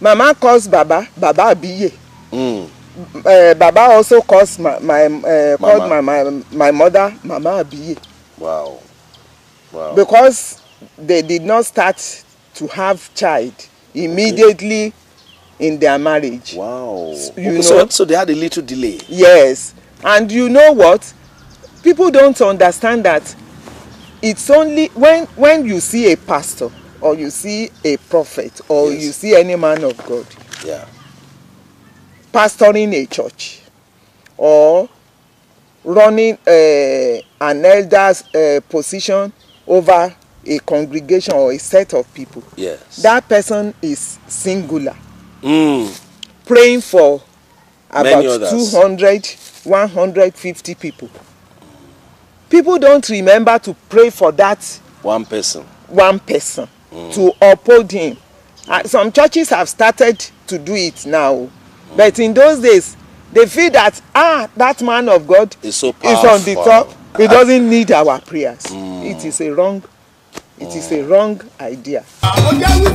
Mama calls Baba, Baba Abiye. Mm. Uh, Baba also calls my, my uh, called my, my my mother Mama Abiye. Wow. Wow. Because they did not start to have child immediately okay. in their marriage. Wow. So, you okay, know? so, so they had a little delay. Yes. And you know what? People don't understand that it's only when when you see a pastor or you see a prophet or yes. you see any man of God yeah. pastoring a church or running uh, an elder's uh, position over a congregation or a set of people. Yes. That person is singular. Mm. Praying for about 200, 150 people. People don't remember to pray for that one person. One person. to uphold him uh, some churches have started to do it now mm. but in those days they feel that ah that man of God is so is on the top he doesn't need our prayers mm. it is a wrong it mm. is a wrong idea. àwọn jẹ́wọ́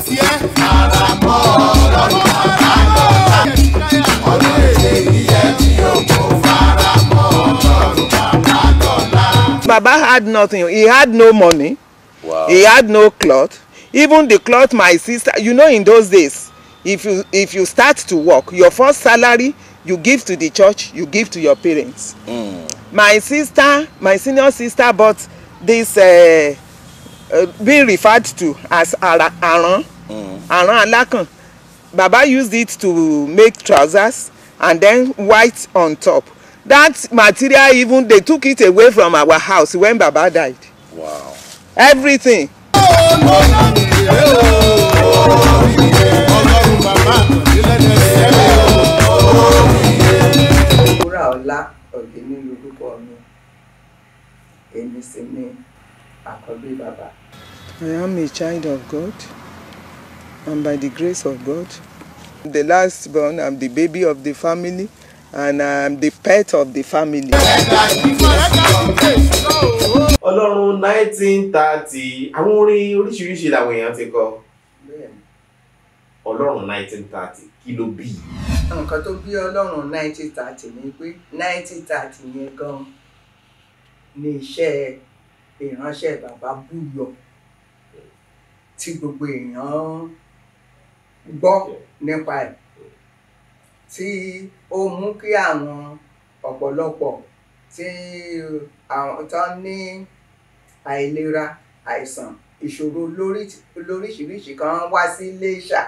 Baba had nothing he had no money wow. he had no cloth even the cloth my sister you know in those days if you if you start to work your first salary you give to the church you give to your parents. Mm. my sister my senior sister bought this uh, uh, being referred to as ara aran mm. alakan baba used it to make trousers and then white on top that material even they took it away from our house when baba died. Wow. everything I am a child of God and by the grace of God. I'm the last born, I'm the baby of the family and I'm the pet of the family ọlọ́run nineteen thirty àwọn orin oríṣiríṣi làwọn èèyàn ti kọ ọlọ́run nineteen thirty kí ló bí. nǹkan tó bí ọlọ́run nineteen thirty ni pé nineteen thirty yẹn gan ni iṣẹ́ ìránṣẹ́ bàbá búyọ tí gbogbo èèyàn gbọ́ nípa ẹ̀ tí ó mú kí àwọn ọ̀pọ̀lọpọ̀ tí àwọn tán ní àìlera àìsàn ìṣòro lóríṣiríṣi kan wá sí Iléṣà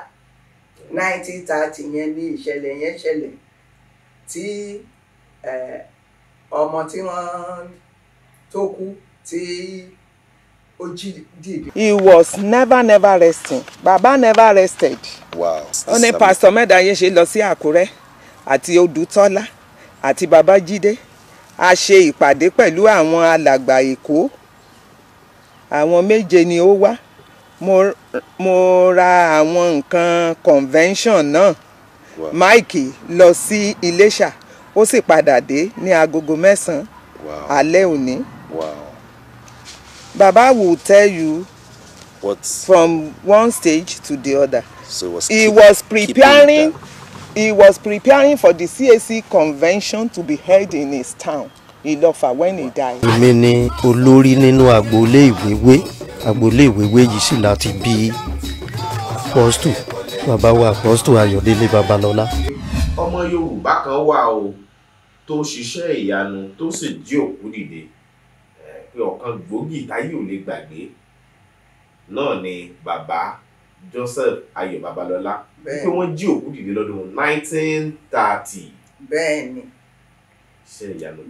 nineteen thirty yẹn ni ìṣẹ̀lẹ̀ yẹn ṣẹlẹ̀ tí ọmọ tí wọ́n tó kú tí ó jí dìde. he was never never resting baba never rested. wow ó ní pásítọ̀ mẹ́dàáyé ṣe lọ sí Àkúrẹ́ àti Odùtọ́lá àti Babájídé a ṣe ìpàdé pẹ̀lú àwọn alàgbà Èkó àwọn méje ni ó wá mo ra àwọn nǹkan convention náà wow. Mike lọ sí Iléṣà ó sì padà dé ní agogo mẹ́sàn-án wow. alẹ́ òní. Wow. Baba will tell you what from one stage to the other. So it was he keep, was preparing he was preparing for the CAC convention to be held in his town. Ilofa when he died. èmi ni olórí nínú agboolé ìwéwé agboolé ìwéwé yìí sì láti bí apọ́stù bàbá wa apọ́stù ayọ̀délé babalọ́lá. ọmọ yorùbá kan wà o tó ṣiṣẹ́ ìyanu tó sì jí òkú dìde pé ọ̀kan gbòógì táyé ò lè gbàgbé náà ni bàbá joseph ayọ̀ babalọ́lá pé wọ́n jí òkú dìde lọ́dún nineteen thirty. bẹ́ẹ̀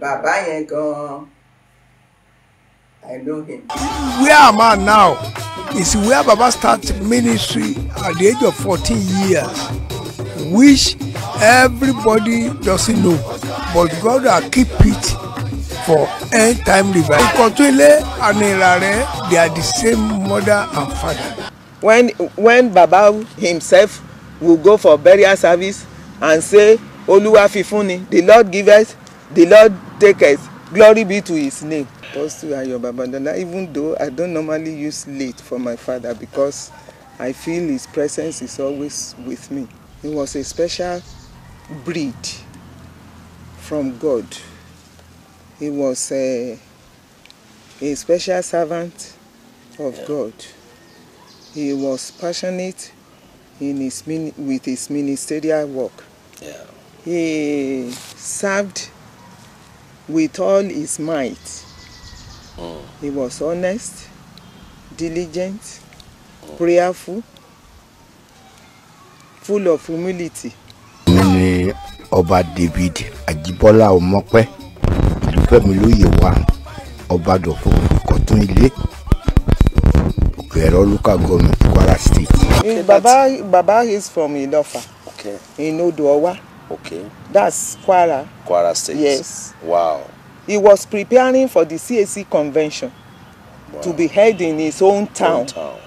bàbá yẹn gan-an I know him. Where am I now? Is where Baba start ministry at the age of fourteen years, which everybody doesn't know, but God will keep it for end time revival. Ikotwele and Irare, they are the same mother and father. When when Baba himself will go for burial service and say, Oluwa Fifuni, the Lord give us." The Lord take us. Glory be to his name. Apostle Ayo Babadola, even though I don't normally use late for my father because I feel his presence is always with me. He was a special breed from God. He was a, a special servant of yeah. God. He was passionate in his with his ministerial work. Yeah. He served with all his might. Mm. He was honest, diligent, mm. prayerful, full of humility. mi ni ọba David Ajíbọ́lá Ọmọ́pẹ́ Àdúfẹ́mi lóye wa ọba dọ̀fọ́ Kọ̀tún ilé Òkè-Ẹ̀rọ local government Kwara state. baba baba is from Ìlọ́fà okay. in Odò Ọwá. Okay. That's Kwara. Kwara State. Yes. Wow. He was preparing for the CAC convention wow. to be held in his own town. Own town.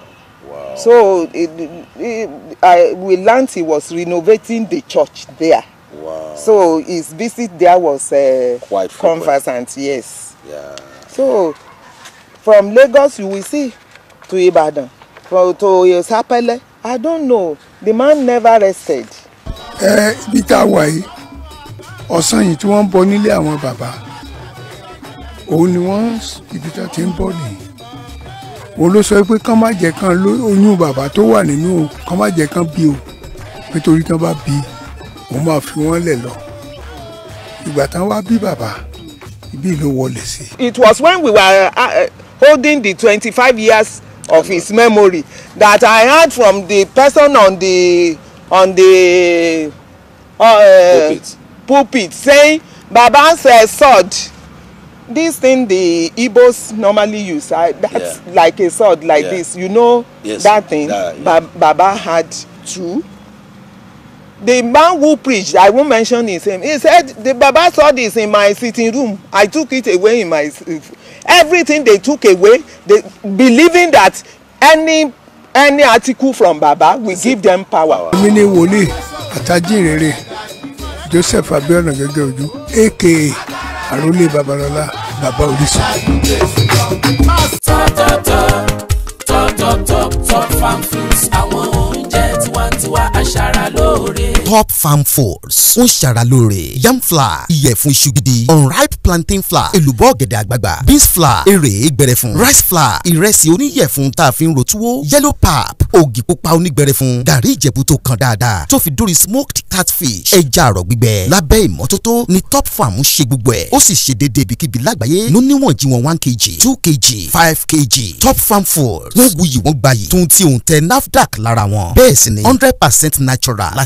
Wow. So it, it, I, we learned he was renovating the church there. Wow. So his visit there was uh, quite conversant. Yes. Yeah. So from Lagos you will see to Ibadan, from to Sapele. I don't know. The man never rested. ẹ ibi tá a wà yìí ọ̀sán yìí tí wọ́n bọ nílé àwọn bàbá òun ni wọ́n ibi tá a ti ń bọ̀ nìyí òun ló sọ pé kán má jẹ́ kán oyún bàbá tó wà nínú o kán má jẹ́ kán bí o nítorí tán bá bí òun máa fi wọ́n lẹ̀ lọ ìgbà tán wá bí bàbá ibi ló wọlé sí. It was when we were uh, uh, holding the twenty-five years of his memory that I heard from the person on the on the uh, pulpit. pulpit saying baba said sword this thing the igbos normally use uh, that's yeah. like a sword like yeah. this you know yes. that thing uh, yeah. ba baba had two the man who preached i won't mention his name he said the baba sword is in my sitting room i took it away in my everything they took away they believing that any any article from baba we give them power. èmi ni wòlíì àtàjìnrere joseph abiona gẹ́gẹ́ ojú aka àròlé babalọlá baba orísun. top top top top farm fruits àwọn oúnjẹ tiwantiwa aṣara top farm foods ń ṣara lóore yam flour ìyẹ̀fun iṣu gidi unripe plantain flour èlùbọ́ ọ̀gẹ̀dẹ̀ àgbagbà beans flour èrè gbẹrẹfun rice flour ìrẹsì oníyẹ̀fun tá a fi ń ro túwó yellow pap ògì pupa onígbẹrẹfun gàrí ìjẹ̀bú tó kan dáadáa tó fi dórí smoked catfish ẹja àrọ̀ gbígbẹ lábẹ́ ìmọ́tótó ni top farm ń ṣe gbogbo ẹ̀ ó sì ṣe déédéé ibikíbi lágbàáyé ló níwọ̀n jí wọn one kg two kg five kg top farm food wọ́n wuyì wọ́n gbayì tó ń ti nafdac lára wọn bẹ́ẹ̀ ni hundred percent natural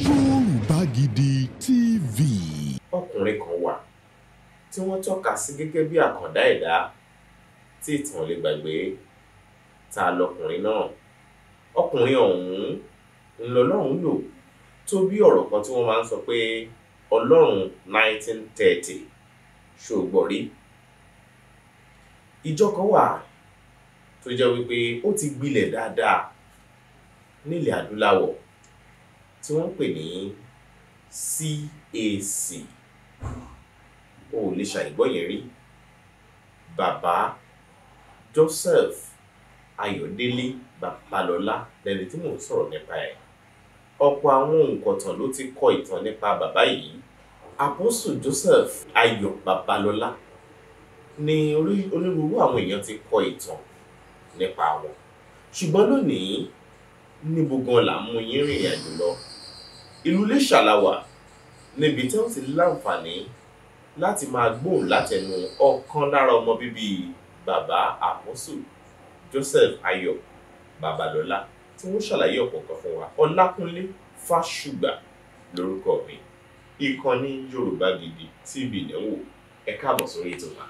Yorùbá Gidi TV. ọkùnrin kan wà tí wọ́n tọ́ka sí gẹ́gẹ́ bí àkàndá ẹ̀dá tí ìtàn ò lè gbàgbé ta lọkùnrin náà ọkùnrin ọ̀hún ńlọlọ́run lò tó bí ọ̀rọ̀ kan tí wọ́n máa ń sọ pé ọlọ́run 1930 ṣògbọ́n rí ìjọ kan wà tó jẹ́ wípé ó ti gbilẹ̀ dáadáa nílẹ̀ adúláwọ̀ tí wọ́n ń pè ní CAC o ò lè ṣàìgbọ́ yẹn rí bàbá Joseph Ayọ̀délé Babalọ́lá lẹni tí mò ń sọ̀rọ̀ nípa ẹ̀ ọ̀pọ̀ àwọn òǹkọ̀tàn ló ti kọ ìtàn nípa bàbá yìí Àpọ́sù Joseph Ayọ̀ Babalọ́lá ni onírúurú àwọn èèyàn ti kọ ìtàn nípa wọn ṣùgbọ́n lónìí níbo gan la mú yín rìnrìn àjò lọ ìlú Iléṣà la wà níbi tí wọ́n ti láǹfààní láti máa gbóhùn látẹnu ọ̀kan lára ọmọ bíbí bàbá àmọ́sù Joseph Ayọ̀ Babalọ́lá tí wọ́n ṣàlàyé ọ̀kọ̀ọ̀kan fún wa Ọlákúnlé Fásùgbà lórúkọ mi ìkànnì Yorùbá Gidi TV ní wò ẹ káàbọ̀ sórí ètò wa.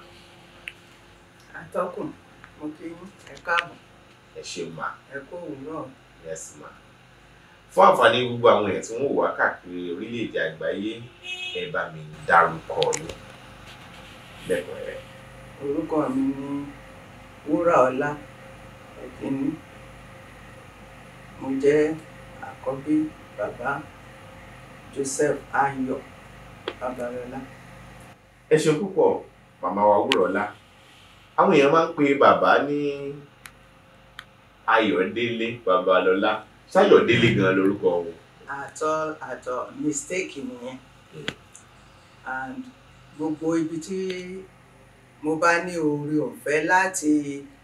atọ́kùn mo kí ẹ káàbọ̀. ẹ ṣe máa. ẹ kó òun náà. yes ma fún àǹfààní gbogbo àwọn èèyàn tí wọ́n wà káàkiri orílẹ̀-èdè àgbáyé ẹ bá mi dárúkọ yín lẹ́kọ̀ọ́ rẹ̀. orúkọ mi ni wúràọlá ẹ̀kíní mo jẹ́ àkọ́bí bàbá joseph ayọ̀ babalọ́lá. ẹ ṣe púpọ̀ màmá wa wúrọ̀ọ́lá àwọn èèyàn máa ń pe bàbá ní ayọ̀délé babalọ́lá. Sáyọ̀délé gan lórúkọ wọn. at all at all mistake nìyẹn and gbogbo ibi tí mo bá ní oore ọ̀fẹ́ láti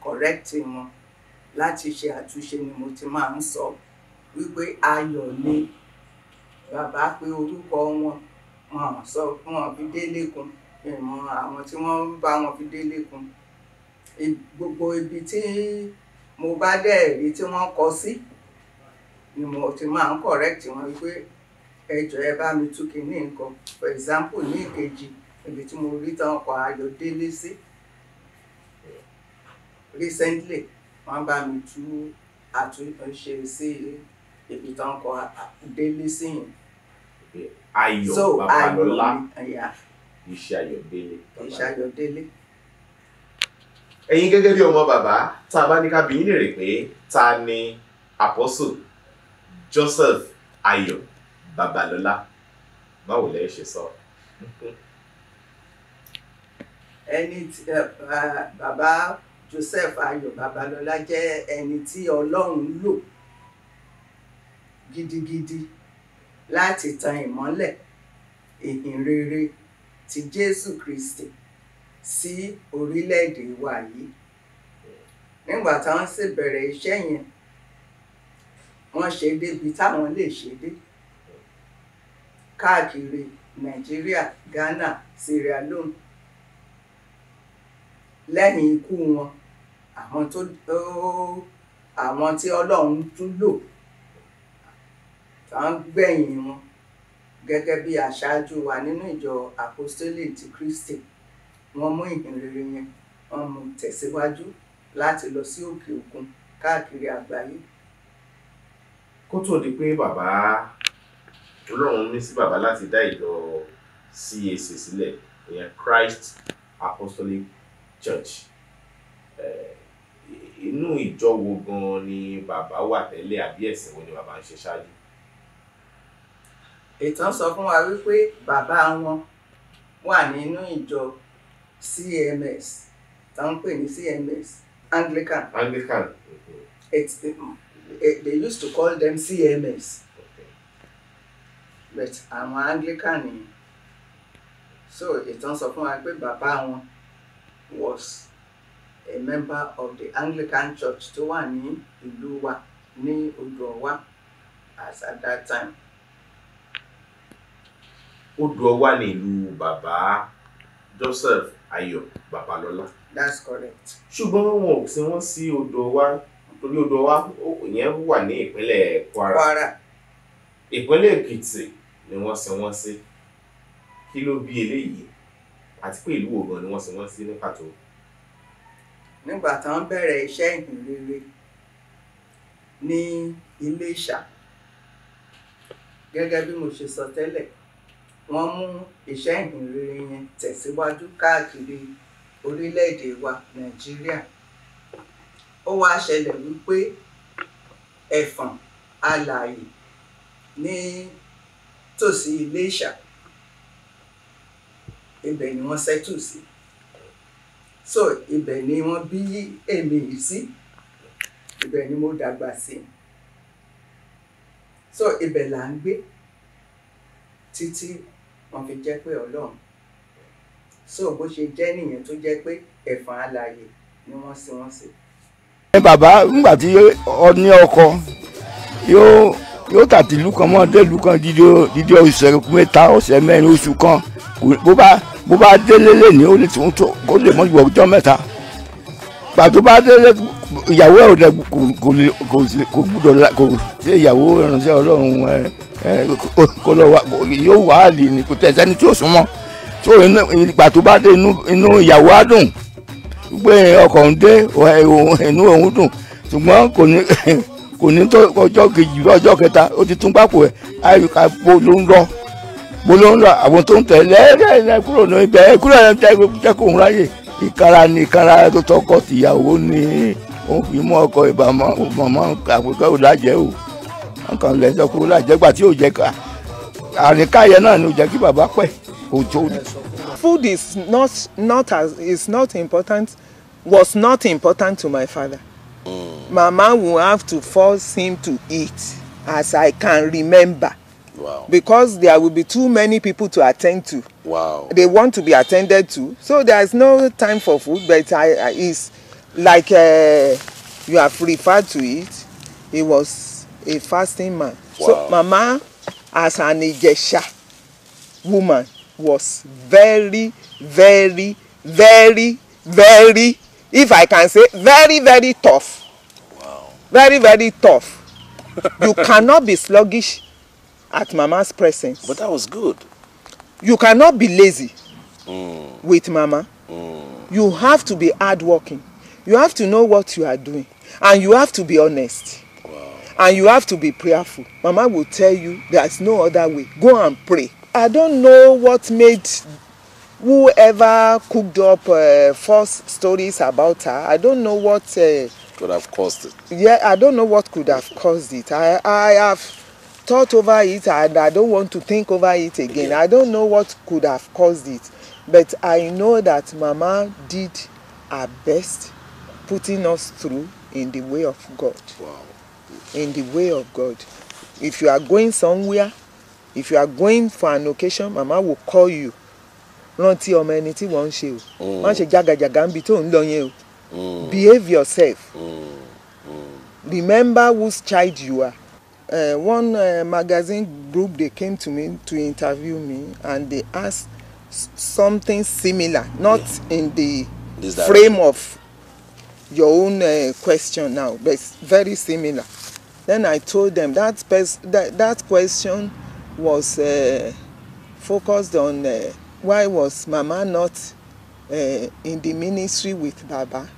correct wọn láti ṣe àtúnṣe ni mo ti máa ń sọ wípé ayọ̀ ni bàbá pé orúkọ wọn wọn sọ fún wọn fi délé kun ìmọ̀ àwọn tí wọ́n ń bá wọn fi délé kun gbogbo ibi tí mo bá dẹ̀ rí tí wọ́n kọ sí. Si ni mo ti máa ń correct wọn wípé ẹ jọ̀ọ́ ẹ bá mi tú kinní nǹkan for example ní ìkejì ibi tí mo rí tán ọkọ̀ Ayọ̀délé sí recently wọ́n bá mi tú àtúnṣe sí ibi tán ọkọ̀ Délé sí yẹn. Ayọ̀ Babalọ́lá iṣẹ́ Ayọ̀délé. iṣẹ́ Ayọ̀délé. ẹ̀yin gẹ́gẹ́ bí ọmọ bàbá tá a bá ní ká bi yín lè rè pé ta ni Apostle Joseph Ayo, babalola, báwo lẹ ṣe sọ. ẹni tí bàbá Joseph Ayọ̀ Babalọ́lá jẹ́ ẹni tí Ọlọ́run lò gidigidi láti tan ìmọ́lẹ̀ ìhìnrere ti Jésù Kristi sí orílẹ̀-èdè wa yìí nígbà táwọn sì bẹ̀rẹ̀ iṣẹ́ yẹn wọ́n ṣe débi táwọn lè ṣe dé káàkiri nàìjíríà ghana sierra leone lẹ́yìn ikú wọn àwọn tó àwọn tí ọlọ́run tún lò à ń gbẹ̀yìn wọn gẹ́gẹ́ bí aṣáájú wa nínú ìjọ àpọ́stélì ti kristi wọ́n mú ìhìnrere yẹn wọ́n mú tẹ̀síwájú láti lọ sí òkè òkun káàkiri àgbáyé kó tó di pé bàbá ọlọ́run ní sí bàbá láti dá ìjọ CAC sílẹ̀ ìyẹn Christ Apostolic Church eh, inú ìjọ wo gan ni bàbá wà tẹ́lẹ̀ àbí ẹ̀sìn wo ni bàbá ń ṣe ṣáájú. ìtàn sọ fún wa wípé bàbá wọn wà nínú ìjọ CMS tá ń pè ní CMS Anglican. Anglican. Mhm. Eh, they used to call them CMS but àwọn Anglican ni so ìtàn sọ fún wa pé bàbá wọn was a member of the Anglican Church tó wà ní ìlú wa ní odò ọwá as at that time. odò ọwá ní ìlú bàbá Joseph Ayọ̀ Babalọ́lá. that's correct. ṣùgbọ́n wọn ò sin wọ́n sí odò ọwá torí odò wa ìyẹn wà ní ìpínlẹ̀ Kwara ìpínlẹ̀ Èkìtì ni wọ́n sin wọ́n sí kí ló bí eléyìí àti pé ìlú wo ni wọ́n sin wọ́n sí ní pàtó. nígbà tó ń bẹ̀rẹ̀ iṣẹ́ ìhìnrere ní Iléṣà gẹ́gẹ́ bí mo ṣe sọ tẹ́lẹ̀ wọ́n mú iṣẹ́ ìhìnrere yẹn tẹ̀síwájú káàkiri orílẹ̀-èdè wa Nàìjíríà ó wá ṣẹlẹ̀ wípé ẹ̀fọ̀n alààyè ní tòsí Iléṣà ibẹ̀ ni wọ́n ṣẹ́tù sí so ibẹ̀ ni wọ́n bí èmi yìí sí ibẹ̀ ni mo dàgbà sí so ibẹ̀ là ń gbé títí wọ́n fi jẹ́ pé Ọlọ́run so bó ṣe jẹ́ nìyẹn tó jẹ́ pé ẹ̀fọ̀n alààyè ni wọ́n sí wọ́n sí. Baba, ẹ bàbá ńgbà tí ọ ní ọkọ yóò yóò tàtí ìlú kan me. dé ìlú kan dídí ọ̀sẹ̀ mẹ́ta ọ̀sẹ̀ mẹ́rin oṣù kan bó bá bó bá délé lè ní ó lè tún tó kó lè mọ́ ìwọ̀ ọjọ́ mẹ́ta pàtó bá délé ìyàwó ẹ̀ ò dẹ kò gbúdọ̀ kò ṣe ìyàwó ìrànṣẹ́ ọlọ́run ẹ kò lọ wá yóò wá àlè ní kò tẹ̀ sẹ́ni tí ò súnmọ́ tó pàtó bá dé inú ìyàwó á dùn gbé ọkọ̀ ń dé inú òun dùn ṣùgbọ́n kò ní kò ní tó ọjọ́ kejì ọjọ́ kẹta ó ti tún pápò ẹ̀ àyùká bó ló ń lọ bó ló ń lọ àwọn tó ń tẹ̀ lẹ́ẹ̀rẹ́ kúrò ní ibẹ̀ kúrò ní ibẹ̀ kò ń ráyè ìkara ní ìkara tó tọkọ tìyàwó ni òun fi mú ọkọ ìbámu mọ̀mọ́ àpòkọ́ òlàjẹ́ o nǹkan lẹ́sọ̀ kúrò lájẹ́ gbà tí ò jẹ́ ká àríkáyẹ náà ni ò jẹ́ kí bàbá pẹ̀ òjò. food is not not as is not important was not important to my father. Mm. Mama will have to force him to eat as I can remember. Wow. Because there will be too many people to attend to. Wow. They want to be attended to. So there is no time for food, but I, I is like uh, you have referred to it. He was a fasting man. Wow. So Mama, as an Ijesha woman, was very, very, very, very, if I can say, very, very tough. Wow. Very, very tough. you cannot be sluggish at mama's presence. But that was good. You cannot be lazy mm. with mama. Mm. You have to be hardworking. You have to know what you are doing. And you have to be honest. Wow. And you have to be prayerful. Mama will tell you there is no other way. Go and pray. I don't know what made whoever cooked up uh, false stories about her. I don't know what uh, could have caused it. Yeah, I don't know what could have caused it. I I have thought over it and I don't want to think over it again. Yeah. I don't know what could have caused it, but I know that Mama did her best putting us through in the way of God. Wow. In the way of God. If you are going somewhere if you are going for an occasion mama will call you rántí ọmọ ẹni tí wọ́n ń ṣe o mm. má ṣe jágajàga ń tó ń lọ yẹn o mm. behave yourself mm. remember whose child you are. Uh, one uh, magazine group they came to me to interview me and they asked something similar not yeah. in the frame of your own uh, question now but very similar then i told them that, that, that question was uh, focused on uh, why was Mama not uh, in the ministry with Baba?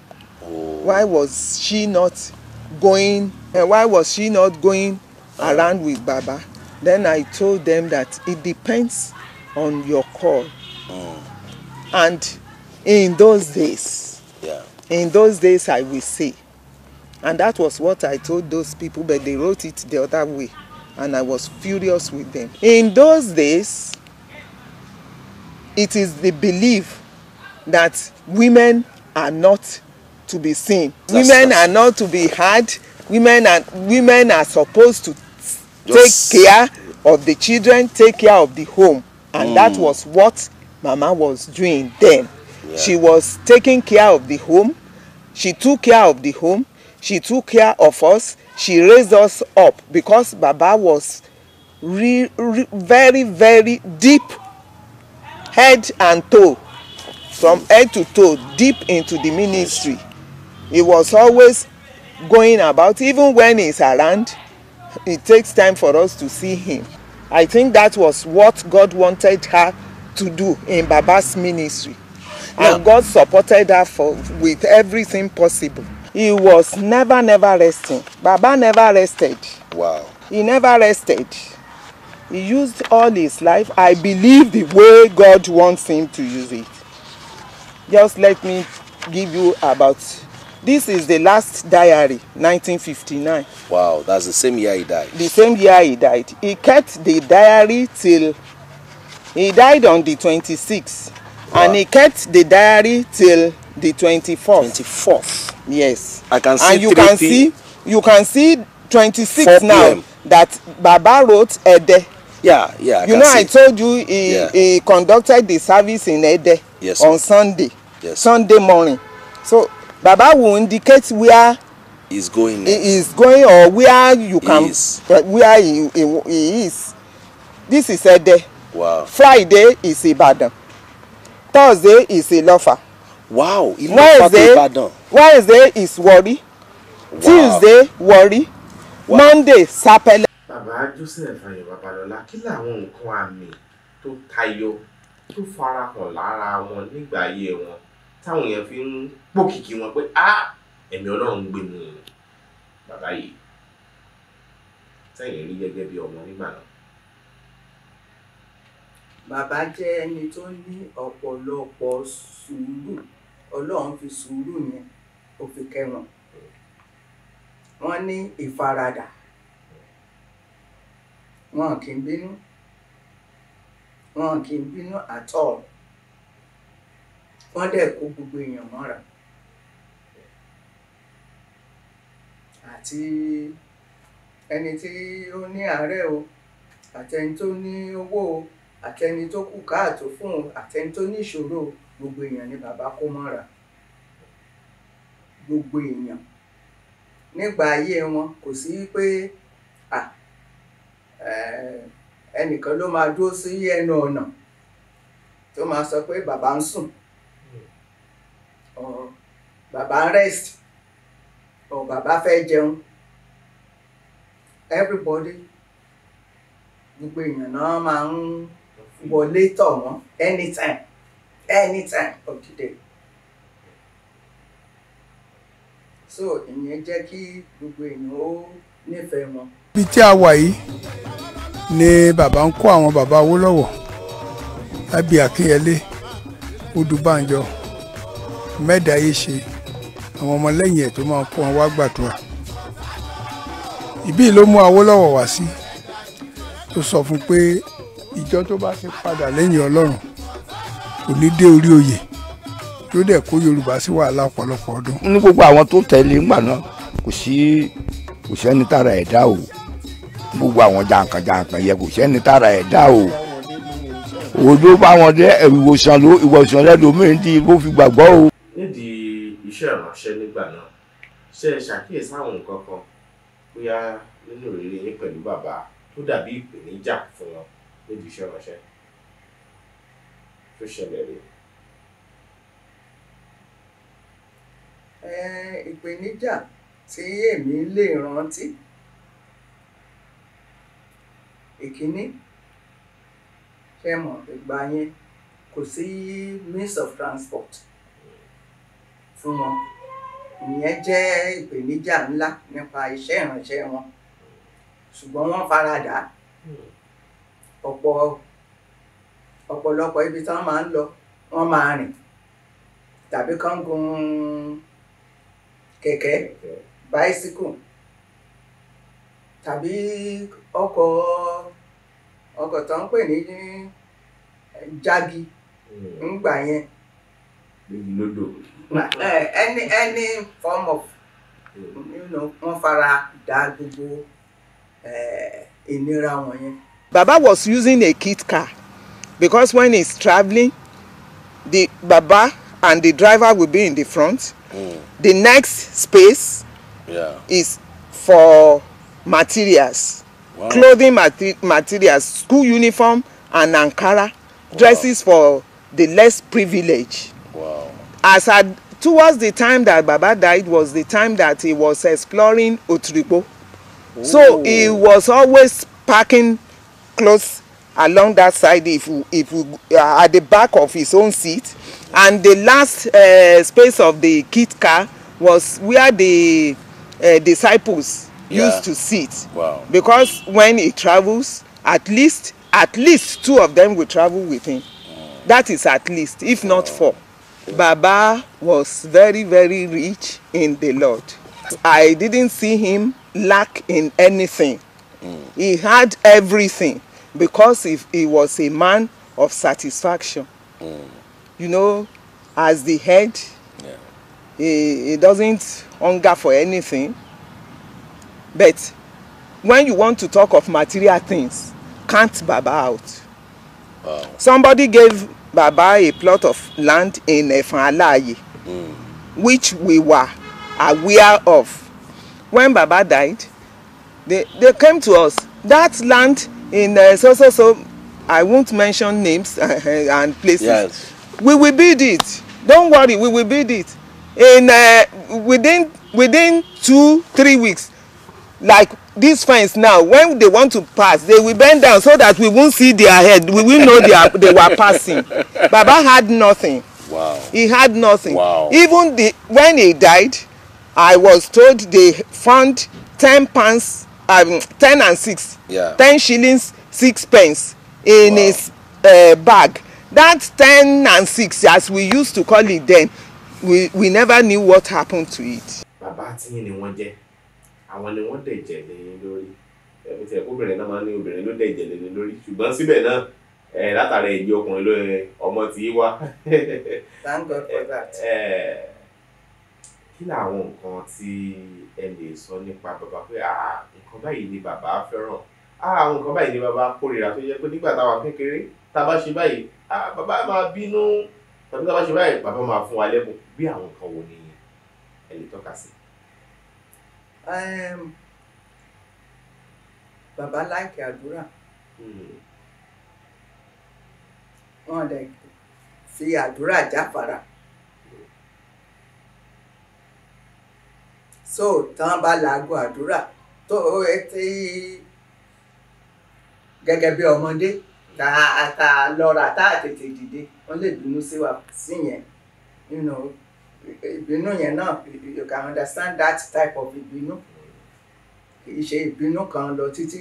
Oh. Why was she not going? Uh, why was she not going ah. around with Baba? Then I told them that it depends on your call. Oh. And in those days, yeah. in those days, I will say. And that was what I told those people, but they wrote it the other way and I was furious with them. In those days, it is the belief that women are not to be seen. That's women are not to be heard. Women are, women are supposed to Just. take care of the children, take care of the home. And mm. that was what Mama was doing then. Yeah. She was taking care of the home. She took care of the home. She took care of us. She raised us up because Baba was re, re, very, very deep, head and toe, from head to toe, deep into the ministry. He was always going about, even when he's around, it takes time for us to see him. I think that was what God wanted her to do in Baba's ministry. And yeah. God supported her for, with everything possible he was never never resting baba never rested wow. he never rested he used all his life i believe the way god wants him to use it just let me give you about this is the last diary 1959 wow that's the same year he died the same year he died he kept the diary till he died on the 26th wow. and he kept the diary till the twenty-fourth. twenty-fourth. yes. I can see and you can see you can see twenty-six now that Baba wrote Ede. Yeah, yeah. I you know, see. I told you he, yeah. he conducted the service in Ede yes, on Sunday, yes. Sunday morning. So Baba will indicate where he's going he is going or where you can is. where he, he, he is this is Ede wow. Friday is Ibadan Thursday is Ilofa wow Wednesday ìpàtẹ ìbàdàn. wednesday is warri wow. tuesday warri wow. monday sapele. bàbá joseph ayọ̀ babalọ́lá kí làwọn nǹkan àmì tó tayọ tó farahàn lára wọn nígbà ayé wọn táwọn èèyàn fi ń pòkìkí wọn pé ah ẹ̀mí ọlọ́run gbé mu bàbá yìí sẹ́yìn rí gẹ́gẹ́ bí ọmọ nígbà náà. bàbá jẹ́ ẹni tó ní ọ̀pọ̀lọpọ̀ sùúrù ọlọ́run fi sùúrù yẹn ó fi kẹ́ wọn wọ́n ní ìfaradà wọn kì í bínú wọn kì í bínú àtọ̀ wọ́n dẹ̀ kó gbogbo èèyàn mọ́ra àti ẹni tí ó ní àárẹ̀ o àtẹni tó ní owó o àtẹni tó kù káàtó fún o àtẹni tó ní ìṣòro o gbogbo èèyàn ni bàbá kó mọ́ra gbogbo èèyàn nígbà ayé wọn kò sí pé ẹnìkan ló máa dúró sí ẹnu ọ̀nà tó máa sọ pé bàbá ń sùn bàbá ń rest or bàbá fẹ́ jẹun everybody gbogbo èèyàn náà máa ń wọlé tọ̀ wọ́n anytime. any time of the day. so ìyẹn jẹ́ kí gbogbo èèyàn ó nífẹ̀ẹ́ wọn. ibi tí a wà yìí ni bàbá ń kó àwọn bàbá Awólọ́wọ̀ lábí Akínyẹlé Odùbánjọ mẹ́ẹ̀dá yìí ṣe àwọn ọmọlẹ́yìn ẹ̀ tó máa kó wọn wá gbàdúrà ìbí ló mú Awólọ́wọ̀ wá sí tó sọ fún pé ìjọ tó bá ti padà lẹ́yìn Ọlọ́run kò ní dé orí oyè yóò dẹ̀ kó yorùbá sí wàhálà ọ̀pọ̀lọpọ̀ ọdún. ní gbogbo àwọn tó tẹ̀lé ńgbà náà kò sí kò sẹ́ni tára ẹ̀ dá o gbogbo àwọn jàǹkànjàǹkàn yẹ kò sẹ́ni tára ẹ̀ dá o òdo báwọn dé ìwòsàn ló ìwòsàn rẹ lómìn tí ló fi gbàgbọ́ o. nídìí iṣẹ́ ìránṣẹ́ nígbà náà ṣe é ṣàkíyèsí àwọn nǹkan kan bóyá nínú ìrírí yín pẹ̀lú bàbá tó dàbí ìpèníjà fún wọn nídìí iṣẹ́ ìránṣẹ́ tó ṣẹlẹ̀ rèé. ìpèníjà tí èmi lè rántí ìkíní ṣe mọ̀ ìgbà yẹn kò sí means of transport fún wọn ìyẹn jẹ́ ìpèníjà ńlá nípa iṣẹ́ ìrànṣẹ́ wọn ṣùgbọ́n wọ́n faradà hmm. ọ̀pọ̀ ọ̀pọ̀lọpọ̀ ibi tí wọ́n máa ń lọ wọ́n máa rìn tàbí kán gun kẹ̀kẹ́ báísíkù tàbí ọkọ̀ ọkọ̀ tó ń pè ní jági hmm. ńgbà yẹn. lódò. any form of you fara dà gbogbo ìnira wọ̀nyẹn. Baba was using a kit car. because when he's traveling the baba and the driver will be in the front mm. the next space yeah. is for materials wow. clothing mater materials school uniform and ankara wow. dresses for the less privileged wow. as towards the time that baba died was the time that he was exploring otripo so he was always packing clothes along that side if we, if we, uh, at the back of his own seat and the last uh, space of the kit car was where the uh, disciples yeah. used to sit wow. because when he travels at least at least two of them will travel with him mm. that is at least if not four baba was very very rich in the lord i didn't see him lack in anything mm. he had everything because if he was a man of satisfaction. Mm. You know, as the head, yeah. he, he doesn't hunger for anything. But when you want to talk of material things, can't Baba out. Wow. Somebody gave Baba a plot of land in Efanalaye, mm. which we were aware of. When Baba died, they, they came to us. That land in uh, so so so i won't mention names and places yes. we will build it don't worry we will build it in uh, within within two three weeks like these fans now when they want to pass they will bend down so that we won't see their head we will know they, are, they were passing baba had nothing wow he had nothing wow even the when he died i was told they found ten pounds um, ten and six yeah. ten shillings six pence in wow. his uh, bag that ten and six as we used to call it then we we never knew what happened to it. bàbá tí ni wọ́n jẹ́ àwọn ni wọ́n dẹ̀ lé lórí ẹ̀mí tí ẹ̀kọ́ náà máa ń ní obìnrin ló dẹ̀ lé lórí ṣùgbọ́n síbẹ̀ náà ẹ̀ látara ẹ̀jẹ̀ ọkùnrin ló ọmọ tí wá. thank God for that. kí làwọn nǹkan tí ẹ lè sọ nípa bàbá pé àá ah, nǹkan báyìí ni bàbá fẹ́ràn àwọn nǹkan báyìí ni bàbá kórìíra tó yẹ pé nígbà táwa kékeré tá a bá ṣe báyìí bàbá máa bínú tàbí tá a bá ṣe báyìí bàbá máa fún wa lẹ́bùn bí àwọn nǹkan wo ni ẹ lè tọ́ka sí. bàbá láìkì àdúrà wọn lè fi àdúrà jáfara. so tán bá làágùn àdúrà tó ti gẹ́gẹ́ bí ọmọdé tá a lọ́ra tá a tètè dìde wọ́n lè bínú sí wa sí yẹn nínú ìbínú yẹn náà you can understand that type of ìbínú kì í ṣe ìbínú kan lọ títí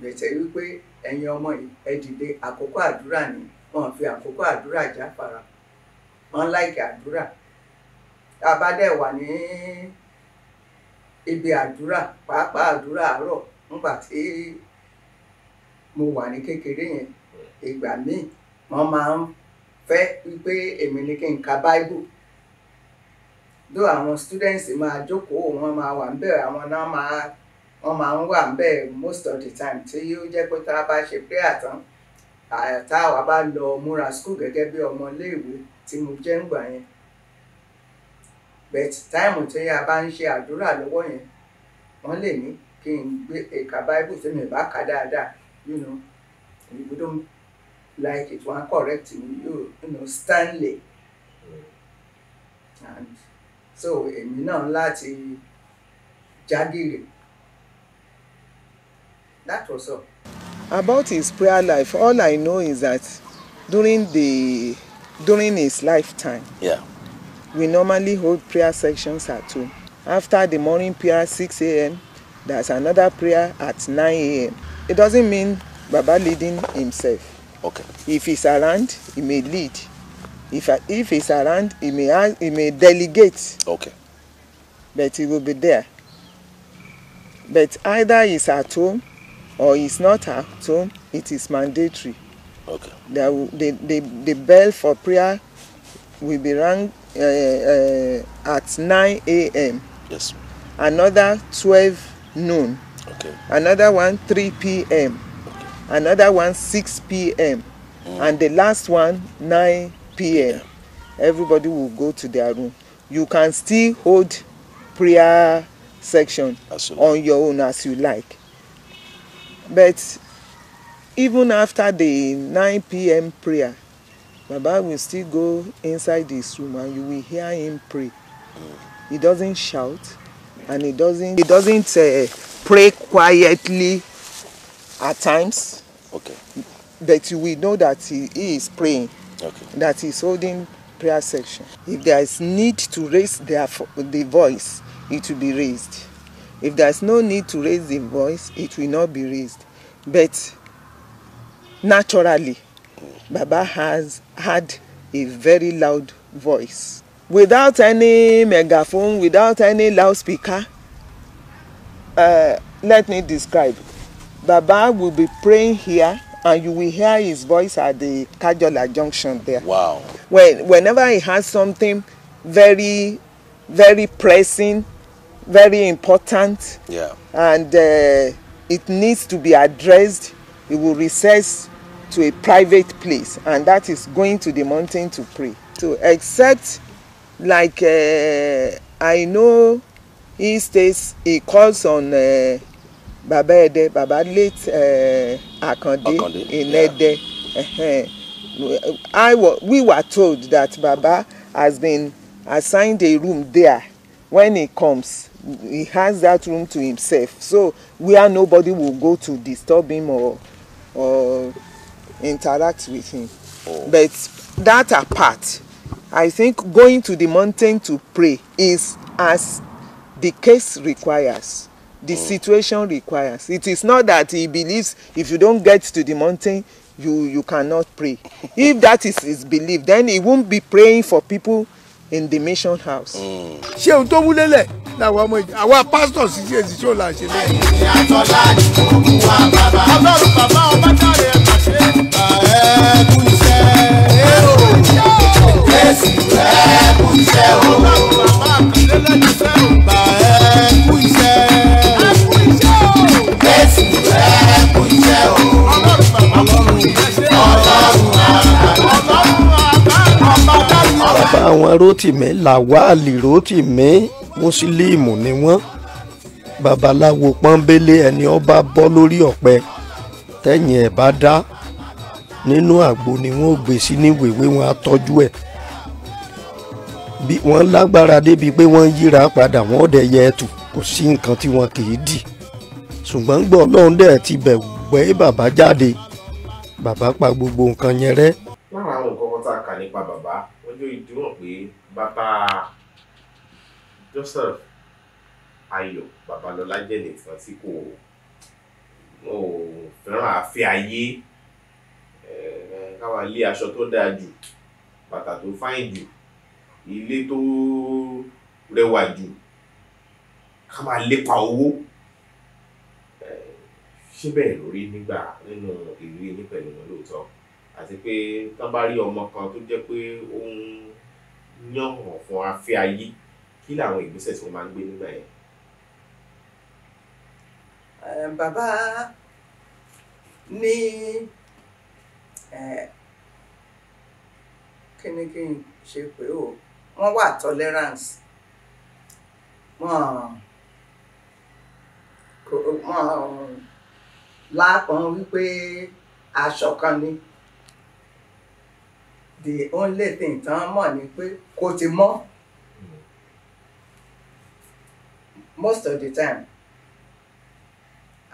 gbèsè wípé ẹ̀yin ọmọ yìí ẹ dìde àkókò àdúrà ni wọ́n fi àkókò àdúrà jáfara wọ́n láìkì àdúrà tá a bá dẹ̀ wà ní. Ni ibi àdúrà pàápàá àdúrà àárọ̀ nígbà tí mo wà ní kékeré yẹn ìgbà míì wọ́n máa ń fẹ́ wípé èmi ni kí n ka báíbù dó àwọn students máa jókòó wọ́n máa wà níbẹ̀ àwọn náà máa wọ́n máa ń wà níbẹ̀ most of the time tí yóò jẹ́ pé tá a bá ṣe prayer tán tá a bá lọ múra school gẹ́gẹ́ bí ọmọ tí mo jẹ́ ń gbà yẹn But táìmù tí a bá ń ṣe àdúrà lọ́wọ́ yẹn wọ́n lè ní kí n gbé ẹ̀ka báíbù tí mi bá kà dáadáa you know if you don't like it one correct me you, you know Stanley and so èmi náà láti jágìrì that was all. About his prayer life all I know is that during the during his lifetime. Yeah. we normally hold prayer sections at two. After the morning prayer 6 a.m., there's another prayer at 9 a.m. It doesn't mean Baba leading himself. Okay. If he's around, he may lead. If if he's around, he may he may delegate. Okay. But he will be there. But either he's at home or he's not at home, it is mandatory. Okay. There, the, the, the bell for prayer will be rang Uh, uh, at 9 a.m. Yes. Another 12 noon. Okay. Another one 3 p.m. Okay. Another one 6 p.m. Mm. And the last one 9 p.m. Yeah. Everybody will go to their room. You can still hold prayer section you on your own as you like. But even after the 9 p.m. prayer, Baba will still go inside his room and you will hear him pray. He doesn't shout and he doesn't he doesn't uh, pray quietly at times. Okay. But you will know that he, he is praying. Okay. That he is holding prayer section. If there is need to raise their the voice, it will be raised. If there is no need to raise the voice, it will not be raised. But naturally, Baba has had a very loud voice. Without any megaphone, without any loudspeaker, uh, let me describe. Baba will be praying here and you will hear his voice at the Kajola junction there. Wow. When, whenever he has something very, very pressing, very important, yeah. and uh, it needs to be addressed, he will recess to a private place, and that is going to the mountain to pray. So, except like uh, I know he stays, he calls on uh, Baba Ede, Baba late uh, Akande, inede. yeah. Uh-huh. I we were told that Baba has been assigned a room there when he comes he has that room to himself so where nobody will go to disturb him or or interact with him. Oh. But that apart, I think going to the mountain to pray is as the case requires. The oh. situation requires. It is not that he believes if you don't get to the mountain, you you cannot pray. if that is his belief, then he won't be praying for people in the mission house. Mm. ṣé ohun tó wúlé lẹ̀ làwọn ọmọ ìjọ àwa pásítọ̀ sí ṣe èsì tí ò là ṣe lẹ́yìn. ẹ̀yin ìyá tọ́lá ni òkú wa bàbá. ọlọ́run bàbá ọba dáre ẹ̀ àwọn rótìmí làwáàlì rótìmí mùsùlùmí ni wọ́n babaláwo pọ́nbélé ẹni ọba bọ́ lórí ọ̀pẹ tẹ́yìn ẹ̀ bá dá nínú àgbo ni wọ́n ò gbé sí ní wèwe wọn á tọ́jú ẹ̀ bí wọ́n lágbára débi pé wọ́n yíra padà wọ́n dẹ̀ yẹ ẹ̀tù kò sí nǹkan tí wọn kì í dì ṣùgbọ́n gbọ́ ọlọ́run dẹ̀ ti bẹ̀ wẹ́ bàbá jáde bàbá pa gbogbo nǹkan yẹn rẹ́. lára àwọn nǹkan kan tá a kà nípa bàbá wọn yóò dúró pé bàbá Joseph Ayọ̀ Babalọlá jẹ́ nìkan tí kò fẹ́ràn àfẹ́ ayé káwa lé aṣọ tó dáa jù bàtà tó fáìn jù ilé tó rẹwà jù ká máa lépa owó ṣé bẹ́ẹ̀ ló rí nígbà nínú ìrírí ní pẹ̀lú wọn lóòótọ́ àti pé tán bá rí ọmọ kan tó jẹ́ pé ó ń fún afẹ́ ayé kí làwọn ìgbésẹ̀ tí wọ́n máa ń gbé nígbà yẹn. bàbá Ni kí ni kí n ṣe pé o wọ́n wà tolerance lápọn wípé aṣọ kan ni the only thing tán mọ̀ ni pé kò ti mọ́ most of the time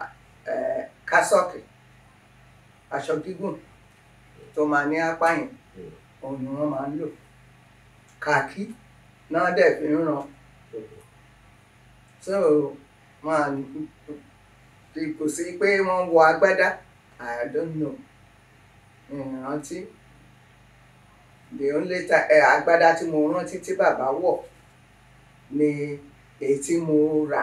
uh, kásọ̀kì aṣọ gígùn tó máa ní apá yẹn òun ni wọ́n máa ń lò kàkí náà dẹ̀ fi ń ràn so máa kò sí pé wọ́n wọ agbádá I don't know ìrántí the only time eh, ẹ agbádá tí mo rántí tí bàbá wọ̀ ni èyí tí mo rà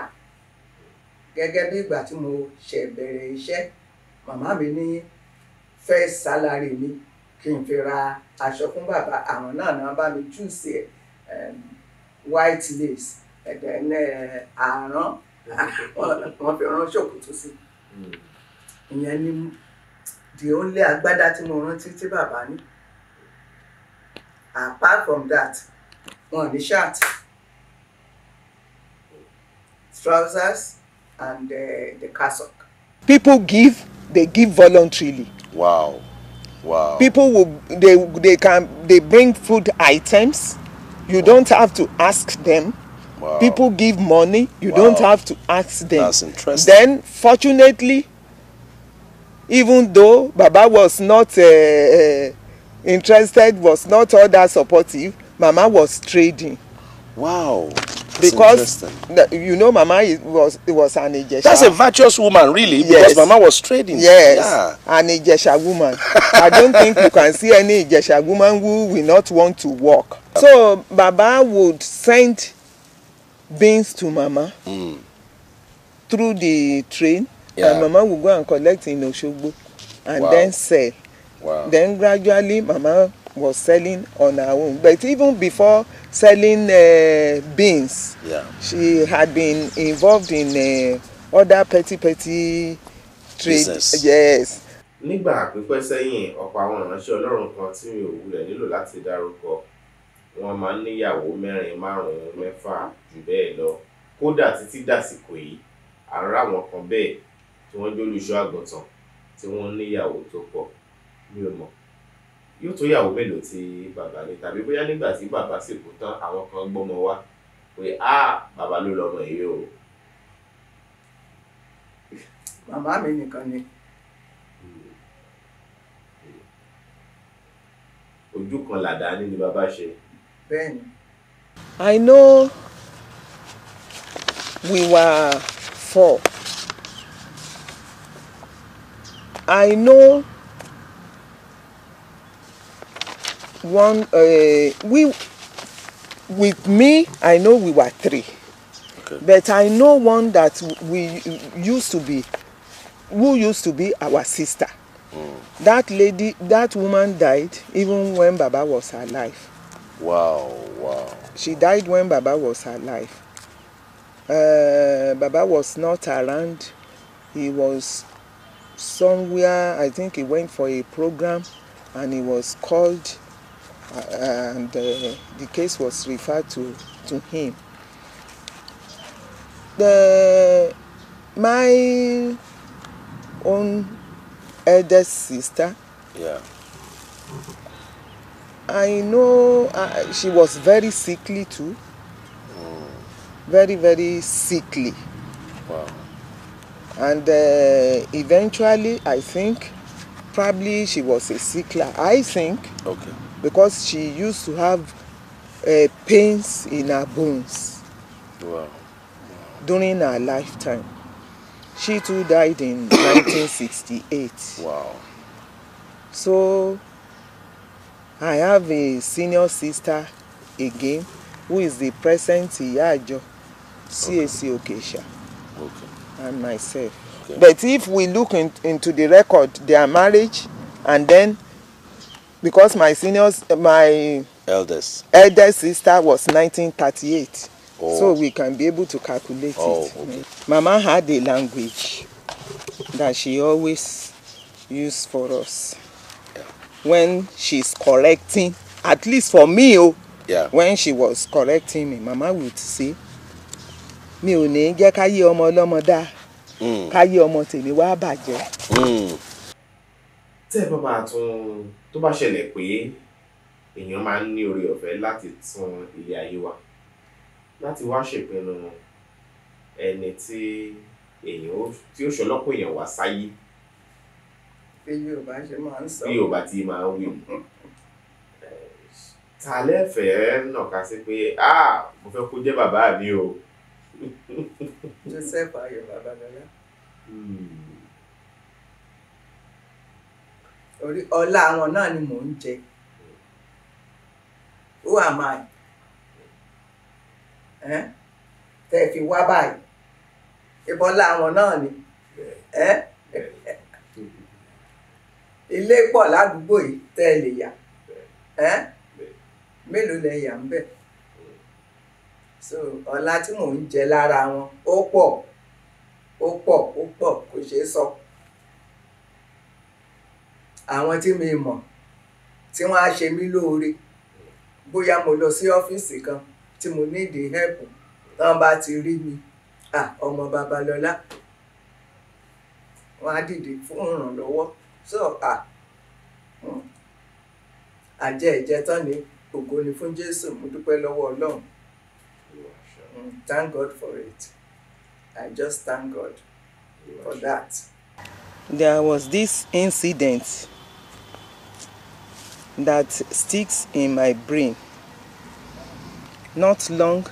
gẹ́gẹ́ bí ìgbà tí mo ṣẹ̀ bẹ̀rẹ̀ iṣẹ́ màmá mi ní first salary mi kí n fi ra aṣọ fún bàbá àwọn náà náà bá mi júùsì ẹ white lace ẹ̀dẹ̀ ní àrán wọ́n fi rán ṣòkòtò sí hmm. ìyẹn ni the only agbádá tí mo rántí tí bàbá ní apart from that wọn ní shirt trousers and uh, the cassock. people give they give voluntarily Wow. Wow. People will they they can they bring food items. You wow. don't have to ask them. Wow. People give money. You wow. don't have to ask them. That's interesting. Then fortunately, even though Baba was not uh, uh interested, was not all that supportive, Mama was trading. Wow. because you know mama is, was was an Ijesha. That's a virtuous woman really yes. because mama was trading. Yes, yeah. an Ijesha woman. I don't think you can see any Ijesha woman who will not want to work. So Baba would send beans to mama mm. through the train yeah. and mama would go and collect in Oshogbo and wow. then sell. Wow. Then gradually mama was selling on her own but even before selling uh, beans. Yeah. She had been involved in uh, other petty petty trade. Business. Yes. Nígbà pípẹ́ sẹ́yìn ọ̀pọ̀ àwọn ìránṣẹ́ Ọlọ́run kan tí mi ò wulẹ̀ nílò láti dárúkọ wọn máa ń níyàwó mẹ́rin márùn-ún mẹ́fà jù bẹ́ẹ̀ lọ kódà títí dàsìkò yìí àárá àwọn kan bẹ́ẹ̀ tí wọ́n jólùṣọ́ àgùntàn tí wọ́n níyàwó tó pọ̀ mi ò mọ̀ yóò tó yàwó mélòó tí bàbá ní tàbí bóyá nígbà tí bàbá sì kú tán àwọn kan gbọ́mọ wá pé a bàbá ló lọ́mọ yìí o. bàbá mi nìkan ni. Hmm. ojú kan làdá ni bàbá ṣe. bẹ́ẹ̀ni. I know we were four. I know. one uh, we with me i know we were three okay. but i know one that we used to be who used to be our sister mm. that lady that woman died even when baba was alive wow wow she died when baba was alive uh, baba was not around he was somewhere i think he went for a program and he was called uh, and uh, the case was referred to, to him. The, my own elder sister. Yeah. I know uh, she was very sickly too. Mm. Very, very sickly. Wow. And uh, eventually, I think, probably she was a sickler. I think. Okay because she used to have uh, pains in her bones wow. during her lifetime. She too died in 1968. Wow. So I have a senior sister again who is the present Iyajo CAC okay. Okesha okay. and myself. Okay. But if we look in, into the record, their marriage and then because my seniors eh, my eldest eldest sister was 1938 oh. so we can be able to calculate oh, it okay. Mm. mama had a language that she always used for us yeah. when she's correcting at least for me oh, yeah. when she was correcting me mama would say mi ò ní jẹ́ káyé ọmọ ọlọ́mọ dáa mm. káyé ọmọ tèmi wá bàjẹ́. Mm. tẹ́ ẹ bá máa tún tó bá ṣẹlẹ̀ pé èèyàn máa ń ní oore ọ̀fẹ́ láti tún ilé ayé wa láti wá ṣèpinnu ẹni tí èèyàn tí ó ṣọlọ́pọ̀ èèyàn wá sáyé. bí Yorùbá ṣe máa ń sọ. bí Yorùbá ti máa ń wí ta lẹ́fẹ̀ẹ́ nàka sí pé ah mo fẹ́ kó jẹ́ bàbá mi o. Joseph Ayọ̀ Babalọlá torí ọlá wọn náà ni mò ń jẹ who am I eh? tẹ́ ẹ fi wá báyìí ìbọlá wọn náà ni eh? ilé pọ̀ ládùúgbò yìí tẹ́ lè yà eh? mélòó lẹ yà ń bẹ̀ so ọlá tí mò ń jẹ lára wọn ó pọ̀ ó pọ̀ ó pọ̀ kò ṣeé sọ. So àwọn tí mi mọ̀ tí wọ́n á ṣe mí lóore bóyá mo lọ sí ọ́fíìsì kan tí mo ní ìdí hẹ́pù táwọn bá ti rí mi ọmọ Babalọlá wọ́n á dìde fún ìrànlọ́wọ́ so hmm, àjẹ ìjẹ tán ni ògo ni fún Jésù mo dúpẹ́ lọ́wọ́ Ọlọ́run hmm, thank God for it I just thank God for that. There was this incident that sticks in my brain. Not long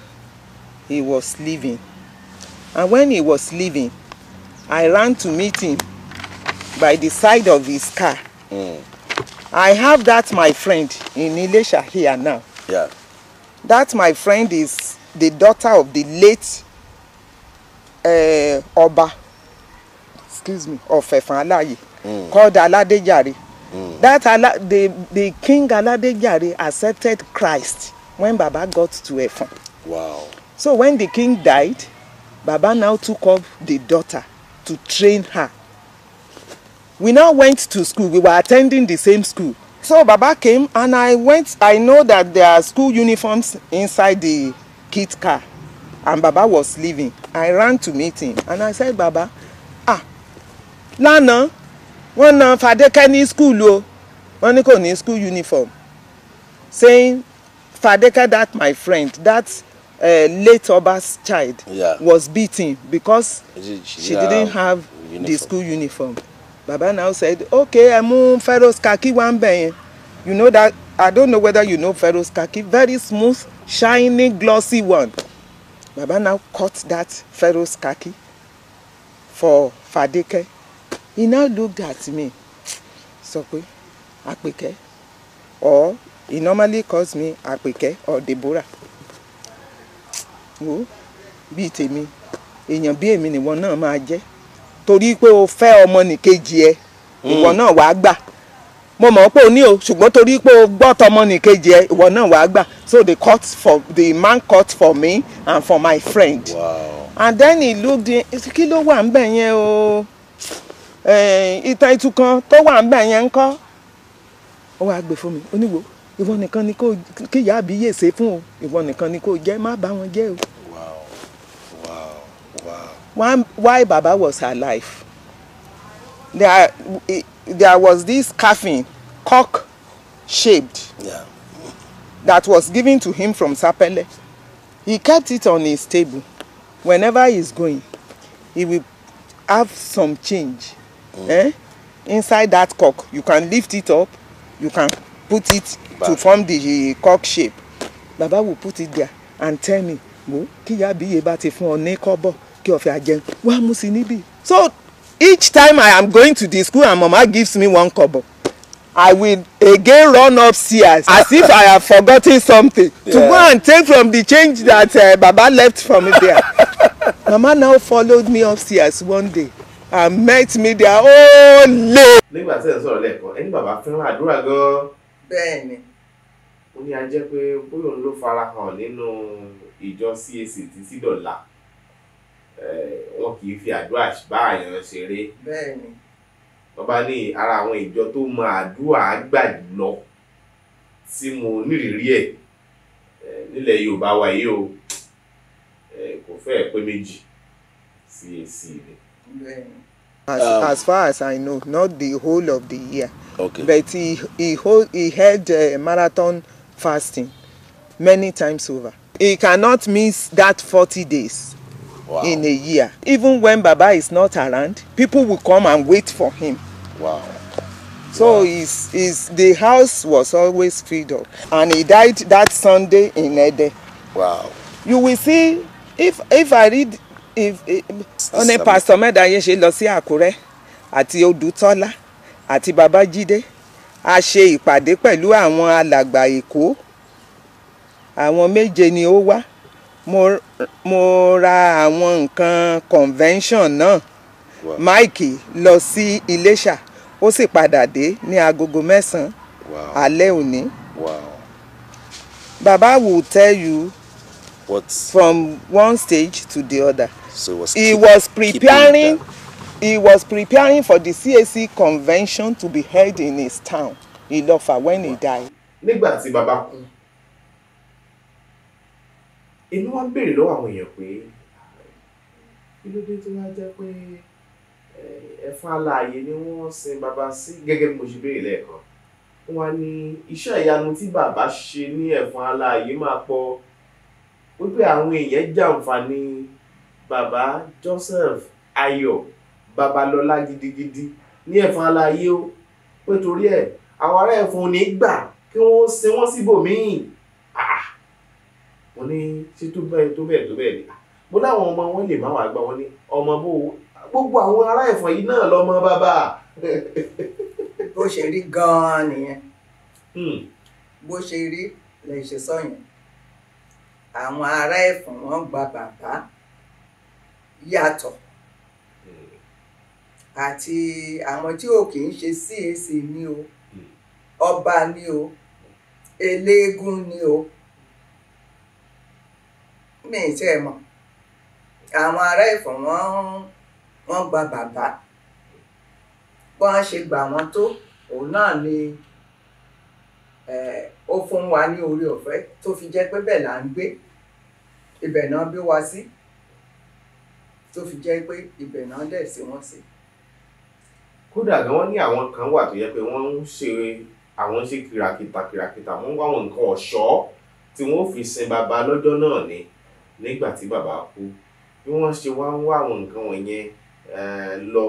he was leaving. And when he was leaving, I ran to meet him by the side of his car. Mm. I have that my friend in Ilesha here now. Yeah. That my friend is the daughter of the late uh, Oba, excuse me, of Efan Alaye, mm. called Aladejare. That Allah, the, the king Aladejare accepted Christ when Baba got to Efon. Wow. So when the king died, Baba now took up the daughter to train her. We now went to school. We were attending the same school. So Baba came and I went. I know that there are school uniforms inside the kid car. And Baba was leaving. I ran to meet him and I said, Baba, ah, Lana, wọ́n na Fadékẹ́ ní skul o wọ́n ní kò ní school uniform saying Fadékẹ́ that my friend that uh, late Oba's child yeah. was beaten because she, she, she didn't have uniform. the school uniform Baba now said okay ẹ mú Feroz Kaki wá ń you know that I don't know whether you know Feroz Kaki very smooth shiny glossy one Baba now cut that Feroz Kaki for Fadékẹ́ he now looked at me sọ pé àpèkẹ́ or he normally calls me àpèkẹ́ or deborah wo bíi tèmi èèyàn bíi èmi nìwọ náà máa jẹ́ torí pé o fẹ́ ọmọnìkejì ẹ ìwọ mm. náà wàá gbà mo mọ̀ pé o ní o ṣùgbọ́n torí pé o gbọ́ tọmọnìkejì ẹ ìwọ náà wàá gbà so the court for the man court for me and for my friend wow. and then he looked in kí ló wà ń bẹ̀ yẹn o. Eh, ìtàn ìtukàn tó wà ń bẹ̀ ń kọ́ ó wàá gbé fún mi oníwo ìwọ nìkan ni kí ìyá àbí yè ṣe fún o ìwọ nìkan ni kò jẹ́ má bá wọn jẹ́ o. why baba was alive there there was this coffin cock shaped yeah. that was given to him from Sapele he kept it on his table whenever he's going he will have some change mm. eh? inside that cock you can lift it up you can put it Back. to form the cock shape baba will put it there and tell me wo kíyà bíyè bá ti fún ọ ní kọ́bọ̀ kí ọ̀fẹ́ àjẹun wá mú sí níbí. so each time i am going to the school and mama gives me one kobo i will again run up stairs as if i have forgotten something yeah. to go and take from the change that uh, eh, baba left for me there mama now followed me up stairs one day and met me there ó oh, lè. nígbà tí ẹ sọ̀rọ̀ lẹ́ẹ̀kan ẹni bàbá fẹ́ràn àdúrà gan-an. bẹ́ẹ̀ni. ó ní a jẹ́ pé bóyá òun ló farahàn nínú ìjọ CAC ti sídọ̀la wọn kì í fi àdúrà bá àyàn ṣeré. bẹ́ẹ̀ni. bàbá ní ara àwọn ìjọ tó mọ àdúrà gbà jùlọ tí mo nírìírí ẹ̀ nílẹ̀ Yorùbá wa yìí o kò fẹ́ẹ̀ pé méjì CAC ni. As, um, as far as I know, not the whole of the year. Okay. But he he hold, he held uh, marathon fasting many times over. He cannot miss that forty days wow. in a year. Even when Baba is not around, people will come and wait for him. Wow. So wow. His, his, the house was always filled up. And he died that Sunday in Ede. Wow. You will see, if, if I read ó ní pásítọ̀ mẹ́ta yẹn ṣe lọ sí àkúrẹ́ àti odùtọ́lá àti babájídé a ṣe ìpàdé pẹ̀lú àwọn alàgbà èkó àwọn méje ni ó wá mo ra àwọn nǹkan convention náà mike lọ sí iléṣà ó sì padà dé ní agogo mẹ́sàn-án alẹ́ òní. baba will tell you What? from one stage to the other. So was he was preparing he was preparing for the CAC convention to be held in his town, Ilofa, when he died. Nígbà tí bàbá kú, inú wa ń béèrè lọ́wọ́ àwọn èèyàn pé kí ló dé tó wá jẹ́ pé ẹ̀fọn alààyè ni wọ́n sin bàbá sí gẹ́gẹ́ bí mo ṣe béèrè lẹ́ẹ̀kan. Wọ́n ní iṣẹ́ ìyanu tí bàbá ṣe ní ẹ̀fọn alààyè máa pọ̀ wípé àwọn èèyàn jàǹfààní bàbá Joseph Ayọ̀ Babalọ́lá gidigidi ní ẹ̀fọn aláyé ó pé torí ẹ̀ àwọn ará ẹ̀fọn ò ní gbà kí wọ́n sin wọ́n síbòmíì mo ní ṣé tó bẹ́ẹ̀ tó bẹ́ẹ̀ tó bẹ́ẹ̀ ni mo láwọn ọmọ wọn lè má wàá gbà wọn ní ọmọ bó gbogbo àwọn ará ẹ̀fọn yìí náà lọ́mọ bàbá. bó ṣe rí gan-an nìyẹn hmm. bó ṣe rí lè ṣe sọ àwọn ará ẹ̀fọn wọn gba bàbá yàtọ̀ hmm. àti àwọn tí ò kì í ṣe CAC ni o hmm. ọba ni o eléégún ni o mi ì tẹ́ ẹ mọ̀ àwọn ará Ifọ̀ wọ́n wọ́n gba bàbá bọ́n ṣe gbà wọ́n tó òun náà ni ó fún wa ní orí ọ̀fẹ́ tó fi jẹ́ pé bẹ́ẹ̀ là ń gbé ibẹ̀ náà bí wa sí. Si tó fi jẹ́ pé ibẹ̀ náà dẹ̀ sí wọ́n sí. kódà gan wọn ní àwọn kan wà tó yẹ pé wọ́n ń ṣe àwọn ń ṣe kìràkìtà kìràkìtà wọ́n ń wá àwọn nǹkan ọ̀ṣọ́ tí wọ́n fi sin bàbá lọ́jọ́ náà ni nígbà tí bàbá kú bí wọ́n ṣe wá ń wá àwọn nǹkan wọ̀nyẹn eh, lọ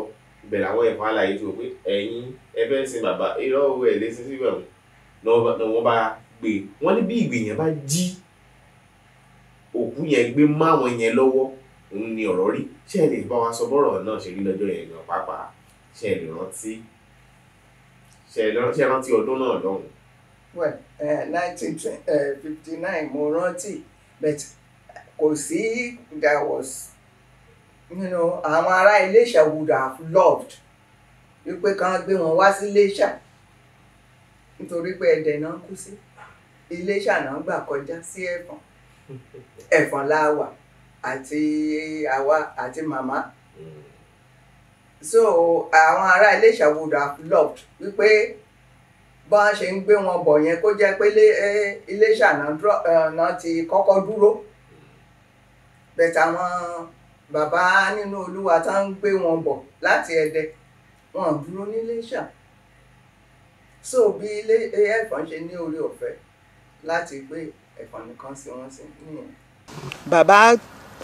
bẹ̀rẹ̀ àwọn ẹ̀fọn aláyé tó pé ẹ̀yin ẹ fẹ́ sin bàbá irọ́ owó ẹ̀ lé sí síbẹ̀ ni wọ́n bá gbé wọ́n ní bí ìgbìyàn bá jí òkú yẹn gbé máwọn yẹn lọ́wọ́ òun ni ọ̀rọ̀ rí ṣé ẹ lè bá wa sọ bọ́rọ̀ náà ṣe rí lọ́jọ́ yẹn gan pàápàá ṣé ẹ lè rántí ṣé ẹ rántí ọdún náà lọ́hùn. well eh, nineteen eh, fifty mo rántí but kò sí there was you know àwọn ará Iléṣà would have loved wípé kàn gbé wọn wá sí Iléṣà nítorí pé ẹ̀dẹ̀ náà kú sí Iléṣà náà gbà kọjá sí Ẹ̀fọ̀n Ẹ̀fọ̀n la àti àwa àti màmá mm. so àwọn ará Iléṣà would have loved wípé bá a ṣe ń gbé wọn bọ̀ yẹn kó jẹ́ pé Iléṣà náà ti kọ́kọ́ dúró bẹ̀tẹ̀ àwọn bàbá nínú Olúwa tá ń gbé wọn bọ̀ láti Ẹdẹ wọn dúró ní Iléṣà so bí ilé Ẹ̀fọ̀n ṣe ní orí ọ̀fẹ́ láti gbé Ẹ̀fọ̀n nìkan sí wọn sí nìyẹn. bàbá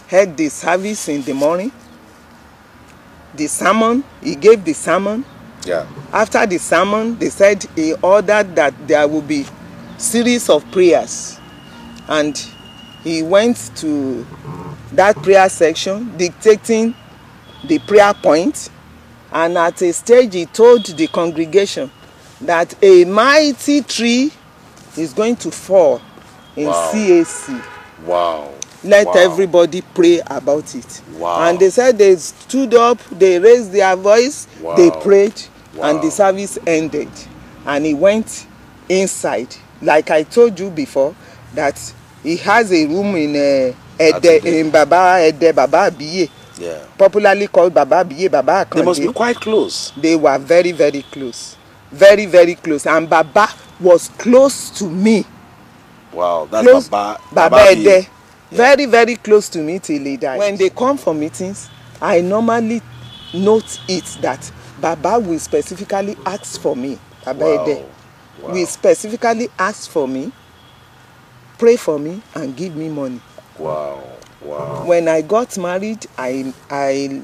Had the service in the morning, the sermon, he gave the sermon. Yeah. After the sermon, they said he ordered that there will be series of prayers. And he went to that prayer section, dictating the prayer point. And at a stage, he told the congregation that a mighty tree is going to fall in wow. CAC. Wow. let wow. everybody pray about it. Wow. And they said they stood up, they raised their voice, wow. they prayed, wow. and the service ended. And he went inside. Like I told you before, that he has a room in uh, Ede, in Baba Ede Baba Abiye. Yeah. Popularly called Baba Abiye, Baba Akande. They must be quite close. They were very, very close. Very, very close. And Baba was close to me. Wow, that's close, Baba, Baba, Baba Ede. Abiye very very close to me till he died when they come for meetings i normally note it that baba will specifically ask for me baba wow. wow. will specifically ask for me pray for me and give me money wow Wow. When I got married, I I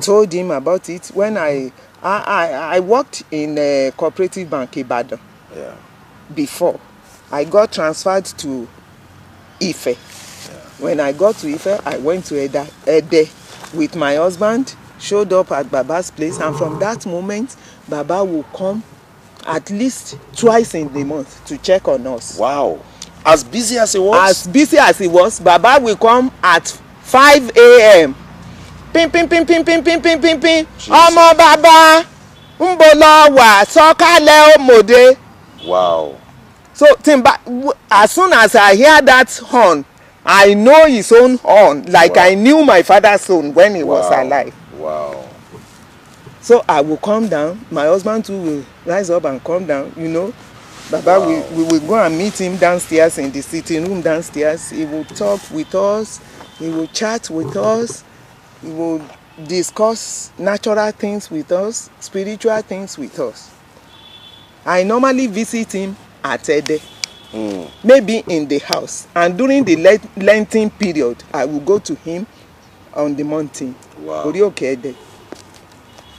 told him about it. When I I I, I worked in a uh, cooperative bank Ibadan. Yeah. Before, I got transferred to Ife. When I got to Ife, I went to Eda, Ede with my husband, showed up at Baba's place, and from that moment, Baba will come at least twice in the month to check on us. Wow. As busy as he was? As busy as he was, Baba will come at 5 a.m. Pin, pin, pin, pin, pin, pin, pin, pin, pin. Ọmọ Baba, ń wa sokale wà, sọ̀kalẹ̀ òmòde. Wow. So, Timba, as soon as I hear that horn, I know his own horn like wow. I knew my father's own when he wow. was alive. Wow. So I will come down. My husband too will rise up and come down, you know. Baba, wow. we, we will go and meet him downstairs in the sitting room downstairs. He will talk with us. He will chat with us. He will discuss natural things with us, spiritual things with us. I normally visit him at a day mm. maybe in the house and during the Lent Lenten period I will go to him on the mountain wow. Orioke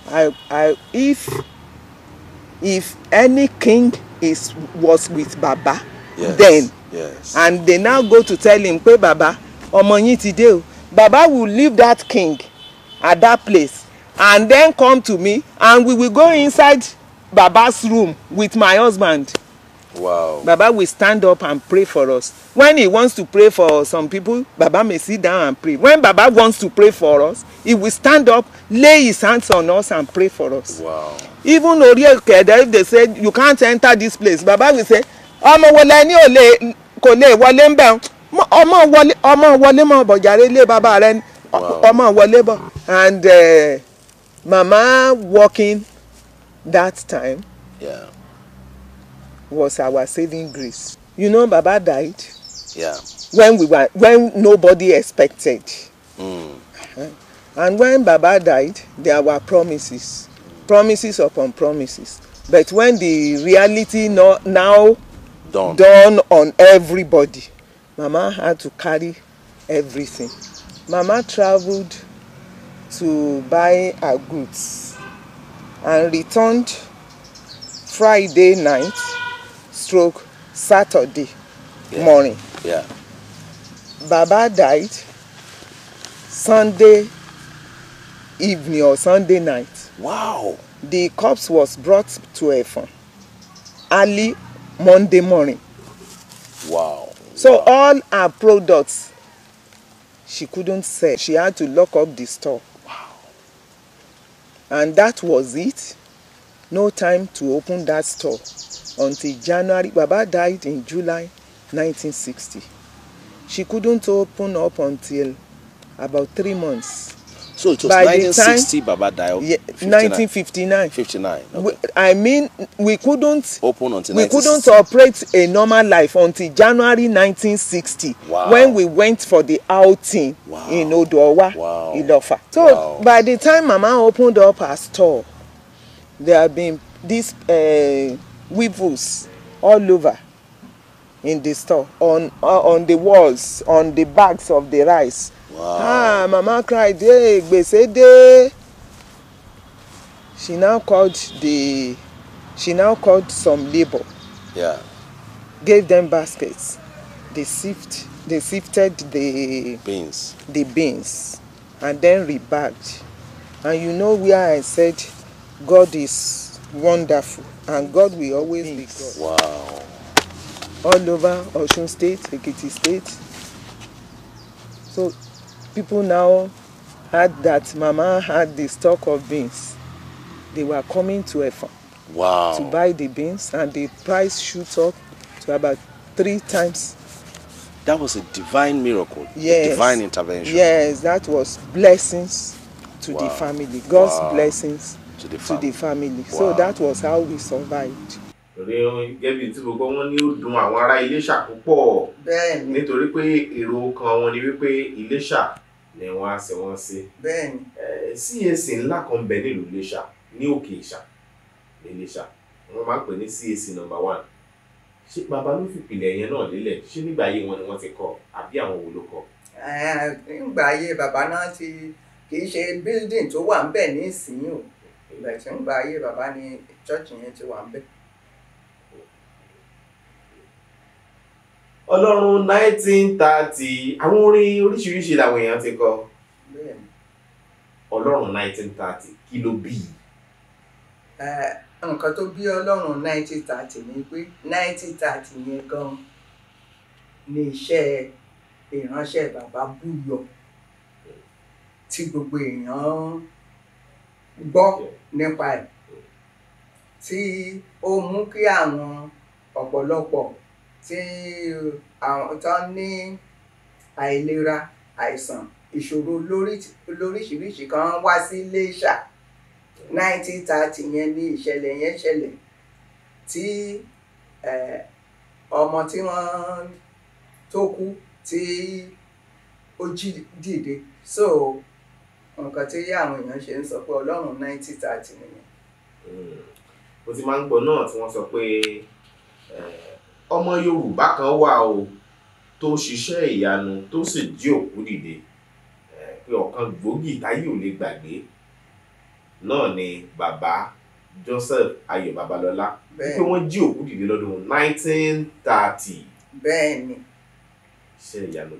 I I if if any king is was with Baba yes. then yes. and they now go to tell him pé Baba ọmọ yín ti dé o Baba will leave that king at that place and then come to me and we will go inside Baba's room with my husband Wow. Baba will stand up and pray for us. When he wants to pray for some people, Baba may sit down and pray. When Baba wants to pray for us, he will stand up, lay his hands on us and pray for us. Wow. Even Oriel Keda, if they said, you can't enter this place, Baba will say, ọmọ wọlé ní òlé kò lè wọlé ń bẹ̀ ọmọ wọlé ọmọ wọlé mọ bọ̀jàre lé bàbá rẹ ọmọ wọlé bọ̀. And uh, mama working that time. Yeah. was our saving grace. You know, Baba died. Yeah. When we were when nobody expected. Mm. Uh-huh. And when Baba died, there were promises, promises upon promises. But when the reality no, now dawned on everybody, Mama had to carry everything. Mama traveled to buy her goods and returned Friday night stroke Saturday yeah. morning. Yeah. Baba died Sunday evening or Sunday night. Wow. The corpse was brought to Efon early Monday morning. Wow. So wow. all her products she couldn't sell. She had to lock up the store. Wow. And that was it. No time to open that store. until January. Baba died in July 1960. She couldn't open up until about three months. So it was By 1960 time, Baba died. Yeah, 1959. 59. Okay. We, I mean, we couldn't open until we couldn't operate a normal life until January 1960 wow. when we went for the outing wow. in Odowa, wow. Ilofa. So wow. by the time Mama opened up her store, there have been this. Uh, weevils all over in the store on uh, on the walls on the bags of the rice wow. ah mama cried hey gbese de she now called the she now called some labor yeah gave them baskets they sift they sifted the beans the beans and then rebagged and you know where i said god is wonderful and God will always Peace. be God. Wow. All over Ocean State, Ekiti State. So people now had that Mama had the stock of beans. They were coming to Efon. Wow. To buy the beans and the price shoot up to about three times. That was a divine miracle. Yes. A divine intervention. Yes, that was blessings to wow. the family. God's wow. blessings to the family. To the family. Wow. So that was how we survived. gẹ́bí tí gbogbo wọn ní ó dùn àwọn ará Iléṣà púpọ̀ nítorí pé èrò kan wọn ni wípé Iléṣà ni wọ́n á ṣe wọ́n sí. CAC eh, ńlá kan bẹ nílùú Iléṣà ní Òkè Ìṣà ní Iléṣà wọ́n máa ń pè ní CAC number one ṣé bàbá ló fi ìpìlẹ̀ yẹn náà lélẹ̀ ṣé nígbà ayé wọn ni wọ́n ti kọ́ àbí àwọn wo ló kọ́. Eh, nígbà ayé bàbá náà ti kì í ṣe bíldìn tó wà ń bẹ̀ nísìnyí o ìgbà tí ń gba ayé bàbá ni chọ́ọ̀chì yẹn ti wà ń bẹ̀. ọlọ́run nineteen thirty àwọn orin oríṣiríṣi làwọn èèyàn ti kọ ọlọ́run nineteen thirty kí ló bí i. nǹkan tó bí ọlọ́run 1930 thirty ni pé nineteen thirty yẹn gan-an ni iṣẹ́ ìránṣẹ́ bàbá búyọ̀ tí gbogbo èèyàn gbọ́. Yeah nípa ẹ̀ tí ó mú kí àwọn ọ̀pọ̀lọpọ̀ tí àwọn tó ní àìlera àìsàn ìṣòro lóríṣiríṣi kan wá sí Iléṣà nineteen thirty yẹn ní ìṣẹ̀lẹ̀ yẹn ṣẹlẹ̀ tí ọmọ tí wọ́n tó kú tí ó jí dìde so nǹkan tí yá àwọn èèyàn ṣe ń sọ pé ọlọ́run ninety thirty nìyẹn. Hmm. mo ti máa ń gbọ́ náà tí wọ́n sọ pé ọmọ yorùbá kan wà o tó ṣiṣẹ́ ìyanu tó sì jí òkú dìde pé ọ̀kan gbòógì táyé ò lè gbàgbé náà ni bàbá Joseph ayo Babalọ́lá pé wọ́n jí òkú dìde lọ́dún nineteen thirty. bẹ́ẹ̀ni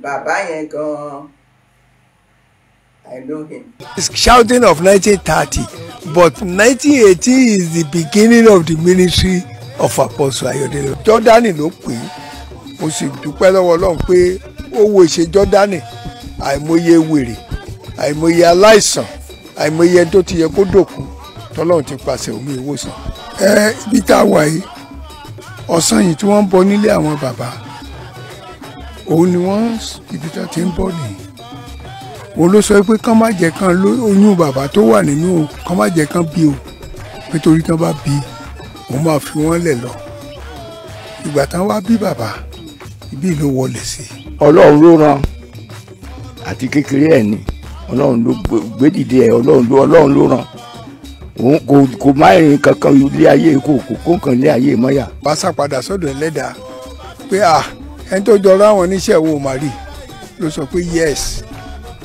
bàbá yẹn gan I know him. It's shouting of 1930, but 1980 is the beginning of the ministry of Apostle Ayodele. Jọ́dánì ló pè é, mo sì dúpẹ́ lọ́wọ́ Ọlọ́run pé ó wo ìṣe Jọ́dánì, àìmọye wèrè, àìmọye aláìsàn, àìmọye ẹni tó ti yẹ kó dòkú, tọ́lọ́run ti pàṣẹ omi ìwòsàn. Ẹ ibi tá a wà yìí, ọ̀sán yìí tí wọ́n ń bọ nílé àwọn bàbá, òun ni wọ́n ibi tá a ti ń bọ nìyí òun ló sọ pé kán má jẹ́ kán oyún bàbá tó wà nínú o kán má jẹ́ kán bí o nítorí tán bá bí òun máa fi wọ́n lẹ̀ lọ ìgbà tán wá bí bàbá ibi ló wọlé sí. ọlọ́run ló rán àti kékeré ẹ̀ ni ọlọ́run ló gbédìde ẹ̀ ọlọ́run ló ọlọ́run ló rán òun kò kò má ìrìn kankan ilé ayé kò kò kó nǹkan ilé ayé mọ́yà. pásá padà sọ́dọ̀ ẹlẹ́dàá pé à ẹni tó jọra àwọn oníṣẹ́ wo màrí ló sọ pé yes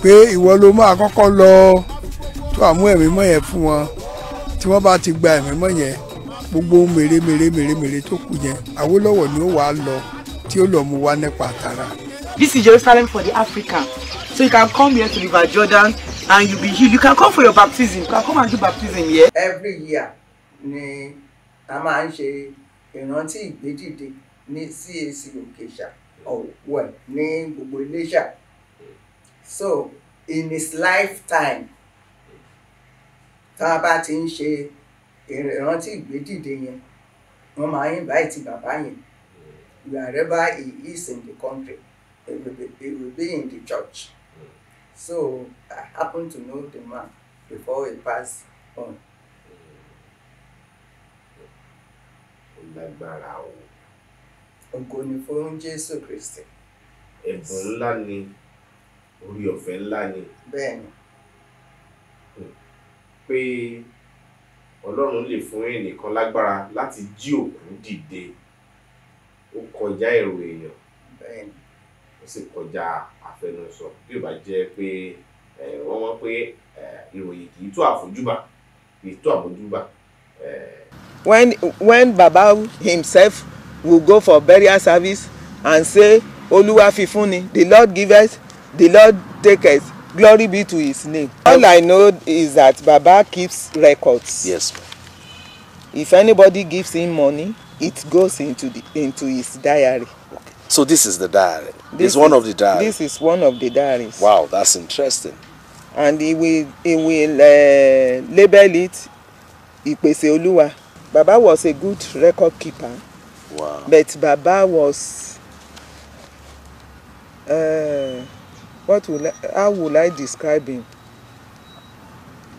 pé ìwọ ló máa kọ́kọ́ lọ tó àmú ẹ̀mí mọ́ yẹn fún wọn tí wọ́n bá ti gba ẹ̀mí mọ́ yẹn gbogbo mèremère mèremère tó kù yẹn Awólọ́wọ̀ ni ó wà á lọ tí ó lọ mú wá nípa àtàrà. This is Jerusalem for the African so you can come here to River Jordan and you be healed you can come for your baptism you can come and do baptism here. Every year ni a máa ń ṣe ìrántí ìgbédìde ní CAC Òkèṣà ọ̀wẹ̀ ní gbogbo Iléṣà so in his lifetime tá a bá ti ń ṣe ìrántí ìgbédìde yẹn wọ́n máa ń invite bàbá yẹn wherever he is in the country he will be, he will be in the church so I happen to know the man before he passed on. ó lágbára o. ògo ni fún Jésù Kristi. ẹ̀bùn ńlá ni orí ọ̀fẹ́ ńlá ni. bẹ́ẹ̀ni. pé ọlọ́run lè fún ẹnìkan lágbára láti jí òkú dìde ó kọjá èrò èèyàn. bẹ́ẹ̀ni. ó sì kọjá àfẹnusọ bí ó bá jẹ́ pé wọ́n mọ̀ pé ìròyìn kì í tó àfojúbà kì í tó àfojúbà. when when baba himself will go for burial service and say olúwa fi fún ni the lord giveth the Lord take us. glory be to his name. all I know is that Baba keeps records. yes ma. if anybody gives him money it goes into the into his diary. okay so this is the diary. this is one of the diaries. this is one of the diaries. wow that's interesting. and he will he will uh, label it Ìpèsè Olúwa. Baba was a good record keeper. wow but Baba was. Uh, what will I, how will I describe him?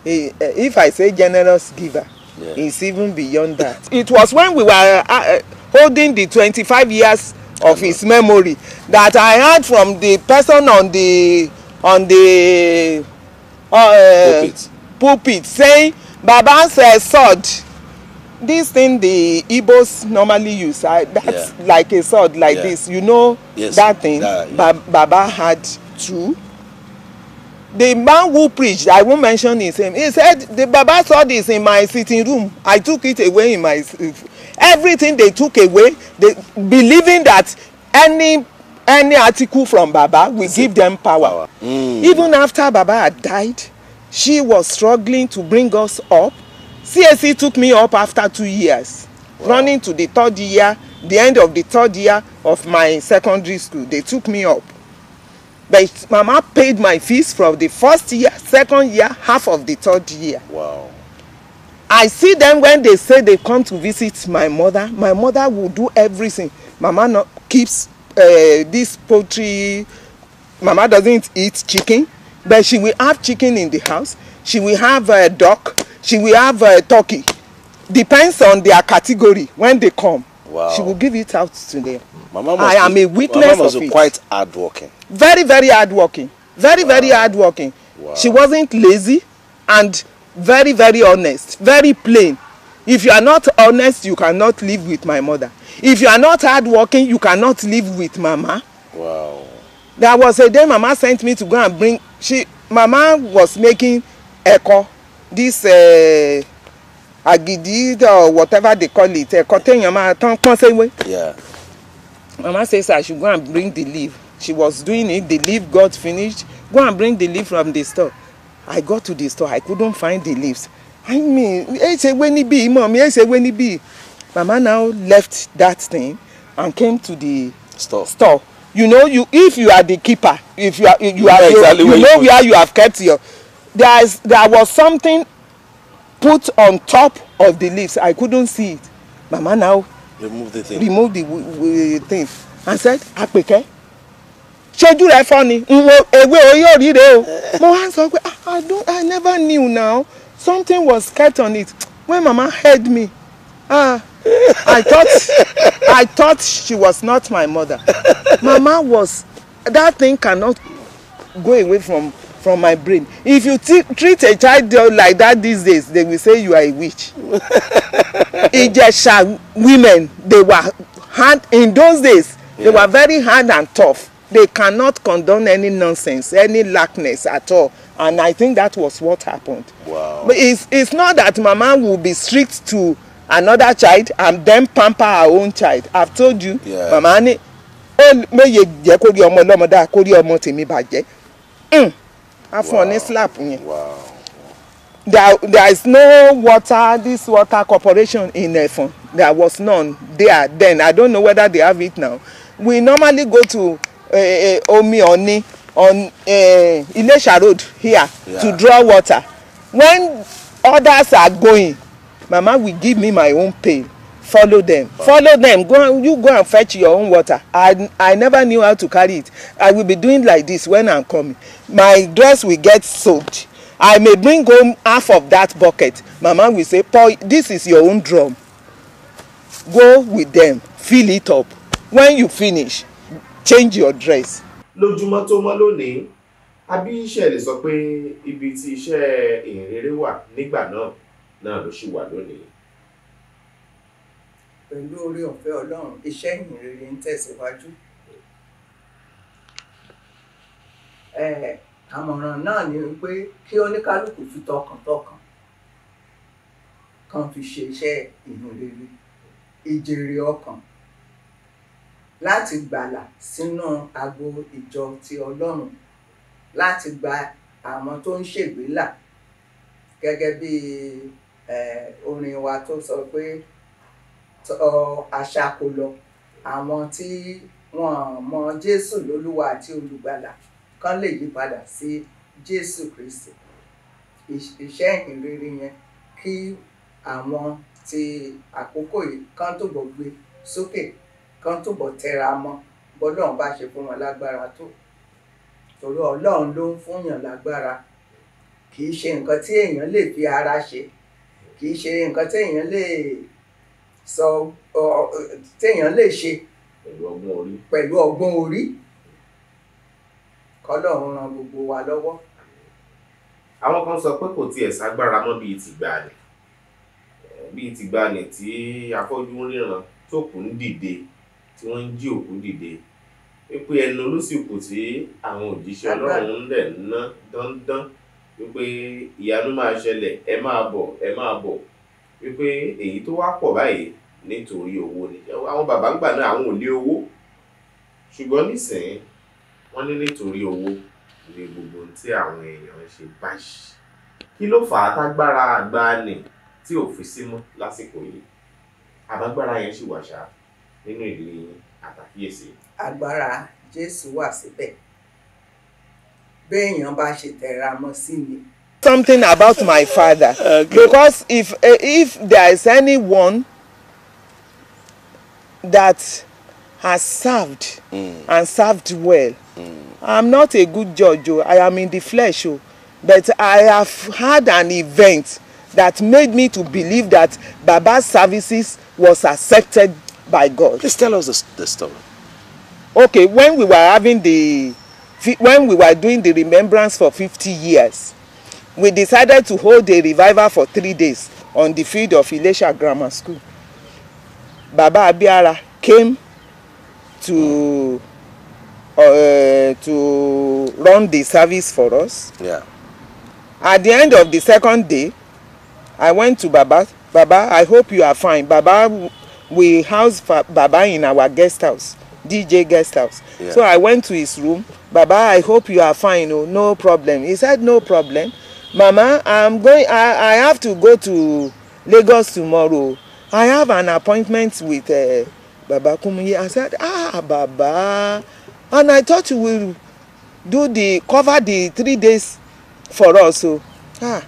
He, eh, if I say generous giver, yeah. it's even beyond that. It was when we were uh, uh holding the 25 years of his memory that I heard from the person on the on the uh, pulpit. pulpit saying, Baba says sword. This thing the Igbos normally use, uh, that's yeah. like a sword like yeah. this. You know yes. that thing that, yeah. ba Baba had two the man who preached i won't mention his name he said the baba saw this in my sitting room i took it away in my everything they took away they believing that any any article from baba will give them power mm. even after baba had died she was struggling to bring us up csc took me up after two years wow. running to the third year the end of the third year of my secondary school they took me up but Mama paid my fees from the first year, second year, half of the third year. Wow. I see them when they say they come to visit my mother. My mother will do everything. Mama keeps uh, this poultry. Mama doesn't eat chicken, but she will have chicken in the house. She will have a eh, duck. She will have a eh, turkey. Depends on their category when they come. Wow. She will give it out to them. Mama I am a witness Mama must of be it. quite hardworking. very very hardworking very wow. very hardworking wow. she wasn't lazy and very very honest very plain if you are not honest you cannot live with my mother if you are not hardworking you cannot live with mama. Wow. there was a day mama sent me to go and bring she mama was making ẹ̀kọ this uh, agidi or whatever they call it ẹ̀kọ téèyàn máa tán pọ́n séwé. mama says i should go and bring the leaf she was doing it the leaf got finished go and bring the leaf from the store i got to the store i couldn't find the leaves i mean esewe say when it be, mama now left that thing and came to the store store you know you if you are the keeper if you are you, you are exactly you, you know you where you have kept your there is there was something put on top of the leaves i couldn't see it mama now remove the thing remove the w- w- thing and said apeke ṣojú rẹ fọ́ ni nwo ewé orí òrìrè o mo wá sọ pé ah, i don't i never knew now something was cut on it when mama heard me ah i thought i thought she was not my mother mama was that thing cannot go away from from my brain if you treat a child like that these days they will say you are a witch Ijesha women they were hard in those days yeah. they were very hard and tough They cannot condone any nonsense, any lackness at all. And I think that was what happened. Wow. But it's, it's not that Mama will be strict to another child and then pamper her own child. I've told you, yeah. Mama ni ó oh, méye jẹ́ kó rí ọmọ lọ́mọ dáa kó rí ọmọ tèmi bàjẹ́. Mm. A fún slap yẹn. Wow. There, there is no water, this water corporation in Efon. There was none there then. I don't know whether they have it now. We normally go to Eh, eh, omi Oni on uh, eh, Ilesha Road here yeah. to draw water. When others are going, Mama will give me my own pail. Follow them. Wow. Follow them. Go and, you go and fetch your own water. I I never knew how to carry it. I will be doing like this when I'm coming. My dress will get soaked. I may bring home half of that bucket. Mama will say, Paul, this is your own drum. Go with them. Fill it up. When you finish, change your dress. lójúmọ́ tó mọ́ lónìí àbí iṣẹ́ lè sọ pé ibi tí iṣẹ́ ìrere wà nígbà náà náà ló ṣì wà lónìí. pẹ̀lú oore ọ̀fẹ́ ọlọ́run iṣẹ́ ìrere ń tẹ̀síwájú. àmọ̀ràn náà ni pé kí oníkálukú fi tọkàntọkàn kan fi ṣe iṣẹ́ ìrere ìjèrè ọkàn láti gbàlà sínú agbo ìjọ ti Ọlọ́run láti gba àwọn tó ń ṣègbè là gẹ́gẹ́ bí orin wa tó sọ pé tọ àṣà kò lọ àwọn tí wọn mọ Jésù lólúwa àti olùgbàlà kán lè yí padà sí Jésù Kristi iṣẹ́ ìhìnrere yẹn kí àwọn ti àkókò yìí kán tó gbọ́ gbé sókè kán túbọ̀ tẹra mọ́ bọ́lọ́run bá ṣe fún wọn lágbára tó torí ọlọ́run ló ń fúnyàn lágbára kì í ṣe nǹkan tí èèyàn lè fi ara ṣe kì í ṣe nǹkan téèyàn lè sọ téèyàn lè ṣe pẹ̀lú ọgbọ́n orí kọ́lọ́run ran gbogbo wa lọ́wọ́. àwọn kan sọ pé kò tiẹ̀ ságbára mọ́ bíi tìgbà ni bíi tìgbà ni tí afọ́jú tó kù ń dìde tí wọ́n ń jí òkú dìde wípé ẹnu ló sì kù tí àwọn òjíṣẹ́ ọlọ́run ń lẹ̀ ná dándán wípé ìyanu máa ṣẹlẹ̀ ẹ máa bọ̀ ẹ máa bọ̀ wípé èyí tó wá pọ̀ báyìí nítorí owó ni àwọn bàbá ń gbà náà àwọn ò lé owó ṣùgbọ́n nísìnyí wọ́n ní nítorí owó ni gbogbo tí àwọn èèyàn ń ṣe báyìí kí ló fà á tágbára àgbà nì tí ò fi sí lásìkò yìí àbágbára yẹn ṣì wà ṣáá nínú ìlú àtàkíyèsí. agbára jésù wà síbẹ̀ béèyàn bá ṣe tẹra mọ́ sí ni. something about my father okay. because if if there is anyone that has served mm. and served well mm. i'm not a good judge o oh. i am in the flesh o oh. but i have had an event that made me to believe that baba's services was accepted by God. Please tell us the, the story. Okay, when we were having the when we were doing the remembrance for 50 years, we decided to hold a revival for three days on the field of Ilesha Grammar School. Baba Abiara came to uh, to run the service for us. Yeah. At the end of the second day, I went to Baba. Baba, I hope you are fine. Baba we house Baba in our guest house, DJ guest house. Yeah. So I went to his room. Baba, I hope you are fine. Oh, no problem. He said, no problem. Mama, I'm going. I, I have to go to Lagos tomorrow. I have an appointment with uh, Baba Kumuyi. I said, ah, Baba, and I thought you will do the cover the three days for us. So, oh. ah,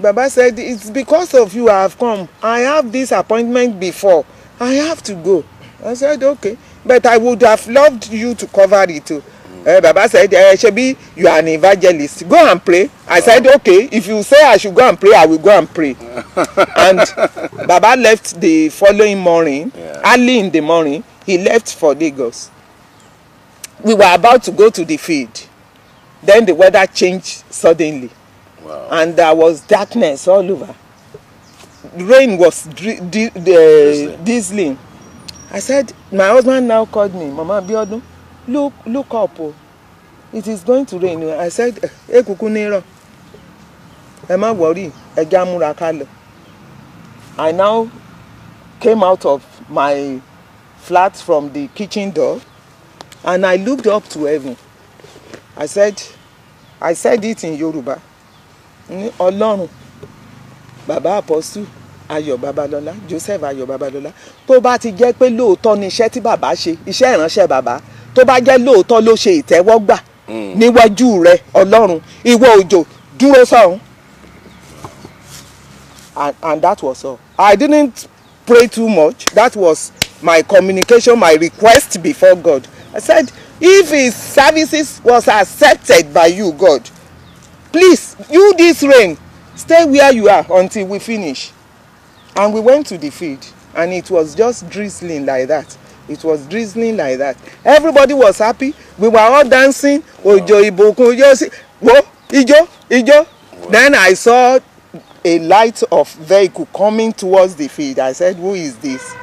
Baba said, it's because of you I have come. I have this appointment before. I have to go. I said, okay. But I would have loved you to cover it too. Uh, Baba said, uh, Shebi, you are an evangelist. Go and pray. I oh. said, okay. If you say I should go and pray, I will go and pray. and Baba left the following morning, yeah. early in the morning, he left for Lagos. We were about to go to the field. Then the weather changed suddenly. Wow. And there was darkness all over rain was dri- eh, drizzling. I said, my husband now called me, Mama Biodun, look, look up, O. It is going to rain. I said, eh, kuku nero. Ẹ má worry, ẹ jẹ́ amúra kalẹ̀. I now came out of my flat from the kitchen door and I looked up to heaven. I said, I said it in Yoruba. Ọlọ́run, Baba Apostle, ayọ̀ babalọ́lá joseph ayọ̀ babalọ́lá tó bá ti jẹ́ pé lóòótọ́ ni iṣẹ́ tí bàbá ṣe iṣẹ́ ìránṣẹ́ bàbá tó bá jẹ́ lóòótọ́ ló ṣe ìtẹ́wọ́gbà hmm. níwájú rẹ ọlọ́run ìwọ òjò dúró sọ́run and and that was all i didn't pray too much that was my communication my request before god i said if his services was accepted by you god please you this rain stay where you are until we finish and we went to the field and it was just drizzling like that it was drizzling like that everybody was happy we were all dancing ojo ibokun ojo si wo ijo ijo then i saw a light of vehicle coming towards the field i said who is this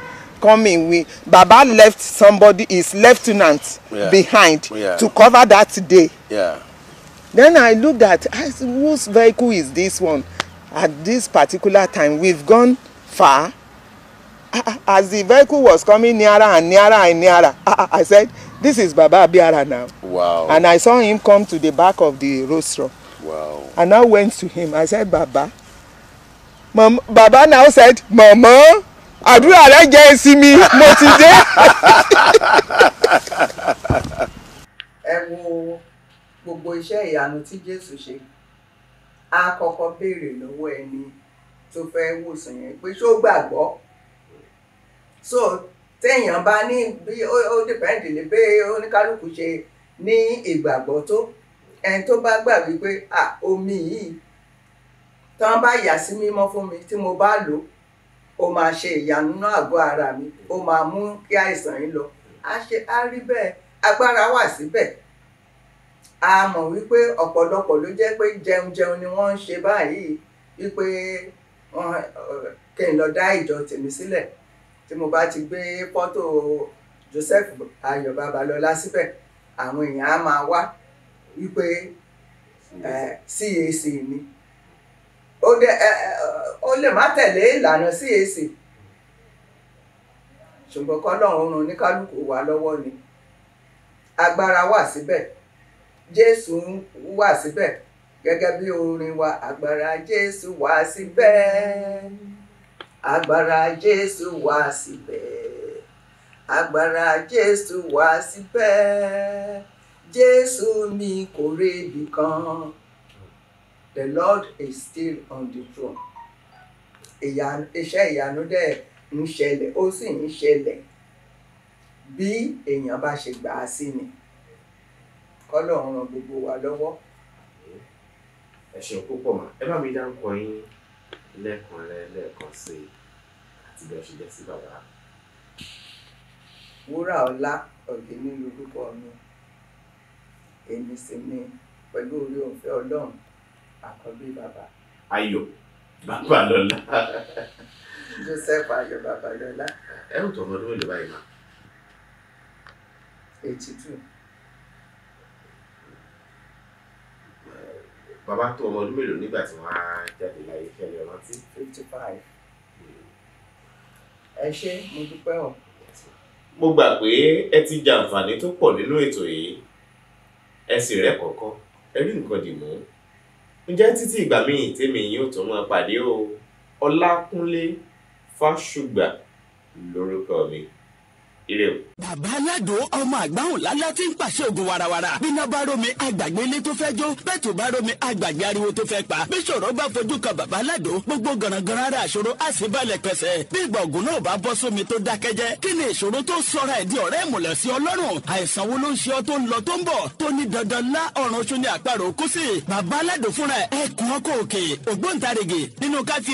coming we baba left somebody his lieutenant yeah. behind yeah. to cover that day yeah. then i looked at I said, whose vehicle is this one at this particular time we've gone far? As the vehicle was coming nearer and nearer and nearer, I said, this is Baba Abiara now. Wow. And I saw him come to the back of the rostrum. Wow. And I went to him. I said, Baba. Mom, Baba now said, Mama, àdúrà rẹ jẹ́ ìsinmi, mo ti dé. Ẹ wo gbogbo iṣẹ́ ìyanu tí Jésù ṣe, a kọ́kọ́ béèrè lọ́wọ́ ẹni tó fẹ́ wòsàn yẹn pé ṣó gbàgbọ́ so téèyàn bá ní bí ó dìpẹ́ǹdì lé pé oníkálukú ṣe ní ìgbàgbọ́ tó ẹni tó bá gbà wípé omi yìí tán bá yà sí mímọ́ fún mi tí mo bá lò ó máa ṣe ìyanu náà àgọ́ ara mi ó máa mú kí àìsàn yìí lọ á ṣe á rí bẹ́ẹ̀ agbára wà síbẹ̀ a mọ̀ wípé ọ̀pọ̀lọpọ̀ ló jẹ́ pé jẹun jẹun ni wọ́n ń ṣe báyìí wípé kí n lọ dá ìjọ tèmi sílẹ̀ tí mo bá ti gbé fọ́tò Joseph Ayọ̀ Babalọlá síbẹ̀ àwọn èèyàn á máa wá wípé CAC ni ó lè má tẹ̀lé ìlànà CAC ṣùgbọ́n kọ́lọ́run ràn oníkálukú wa lọ́wọ́ ni agbára wà síbẹ̀ Jésù wà síbẹ̀ gẹ́gẹ́ bí orin wa agbára Jésù wá síbẹ̀ agbára Jésù wá síbẹ̀ agbára Jésù wá síbẹ̀ Jésù mi kò rebi kan the Lord is still on the throne iṣẹ́ ìyanu dẹ̀ ń ṣẹlẹ̀ ó sì ń ṣẹlẹ̀ bí èèyàn bá ṣe gbà á sí ni kọ́lọ́run ràn gbogbo wa lọ́wọ́ ẹ ṣeun púpọ̀ mà ẹ bá mi dárúkọ yín lẹ́ẹ̀kan lẹ́ẹ̀kan sí i àti bí ẹ ṣe jẹ́ sí bàbá. wúrà ọlá ọ̀gẹ́ nílùú orúkọ mi èmi sì ni pẹ̀lú orí òfẹ́ ọlọ́run àkọ́bí bàbá. ayọ̀ babalọla. joseph ayọ̀ babalọla. ẹ ń tọ́ ọmọdún mélòó báyìí ma. eighty two. bàbá tó ọmọ ọdún mélòó nígbà tí wọ́n á jáde láyé kẹ́lẹ́ rántí. fifty five. Hmm. ẹ ṣé mo dúpẹ́ o. mo gbà pé ẹ ti jàǹfààní tó pọ̀ nínú ètò yìí ẹ sì rẹ́ kọ̀ọ̀kan ẹ rí nǹkan dì mú. ǹjẹ́ títí ìgbà míì tèmi yìí ò tó máa pàdé o Ọlákúnlé Fásùgbà lórúkọ mi ire o bàbá aládò ọmọ àgbáhùn lálá tí ń pàṣẹ ògùn warawara bíná bá romi àgbàgbé ilé tó fẹ́ jó bẹ́ẹ̀tù bá romi àgbàgbé ariwo tó fẹ́ pa bí sọ̀rọ̀ bá fojú kan bàbá aládò gbogbo gànàgànà ara àṣòro á sì balẹ̀ pẹ̀sẹ̀ bí ìgbà ògùn náà bá bọ́ sómi tó dákẹ́jẹ́ kí ni ìṣòro tó sọra ẹ̀ di ọ̀rẹ́ ìmùlẹ̀ sí ọlọ́run àìsàn wo ló ń ṣe ọ tó ń lọ tó ń bọ̀ tó ní dandan lá ọ̀run ṣo ni àparò kú sí bàbá aládò fúnra ẹ̀ kún ọkọ̀ òkè ògbóǹtarìgì nínú ká fi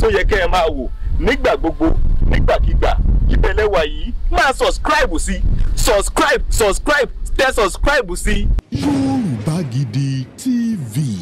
tó yẹ kẹ́ ẹ máa wò nígbà gbogbo nígbàkigbà ìbẹ̀lẹ̀ yìí máa subscribe sí subscribe subscribe tẹ subscribe sí. Yorùbá Gidi TV.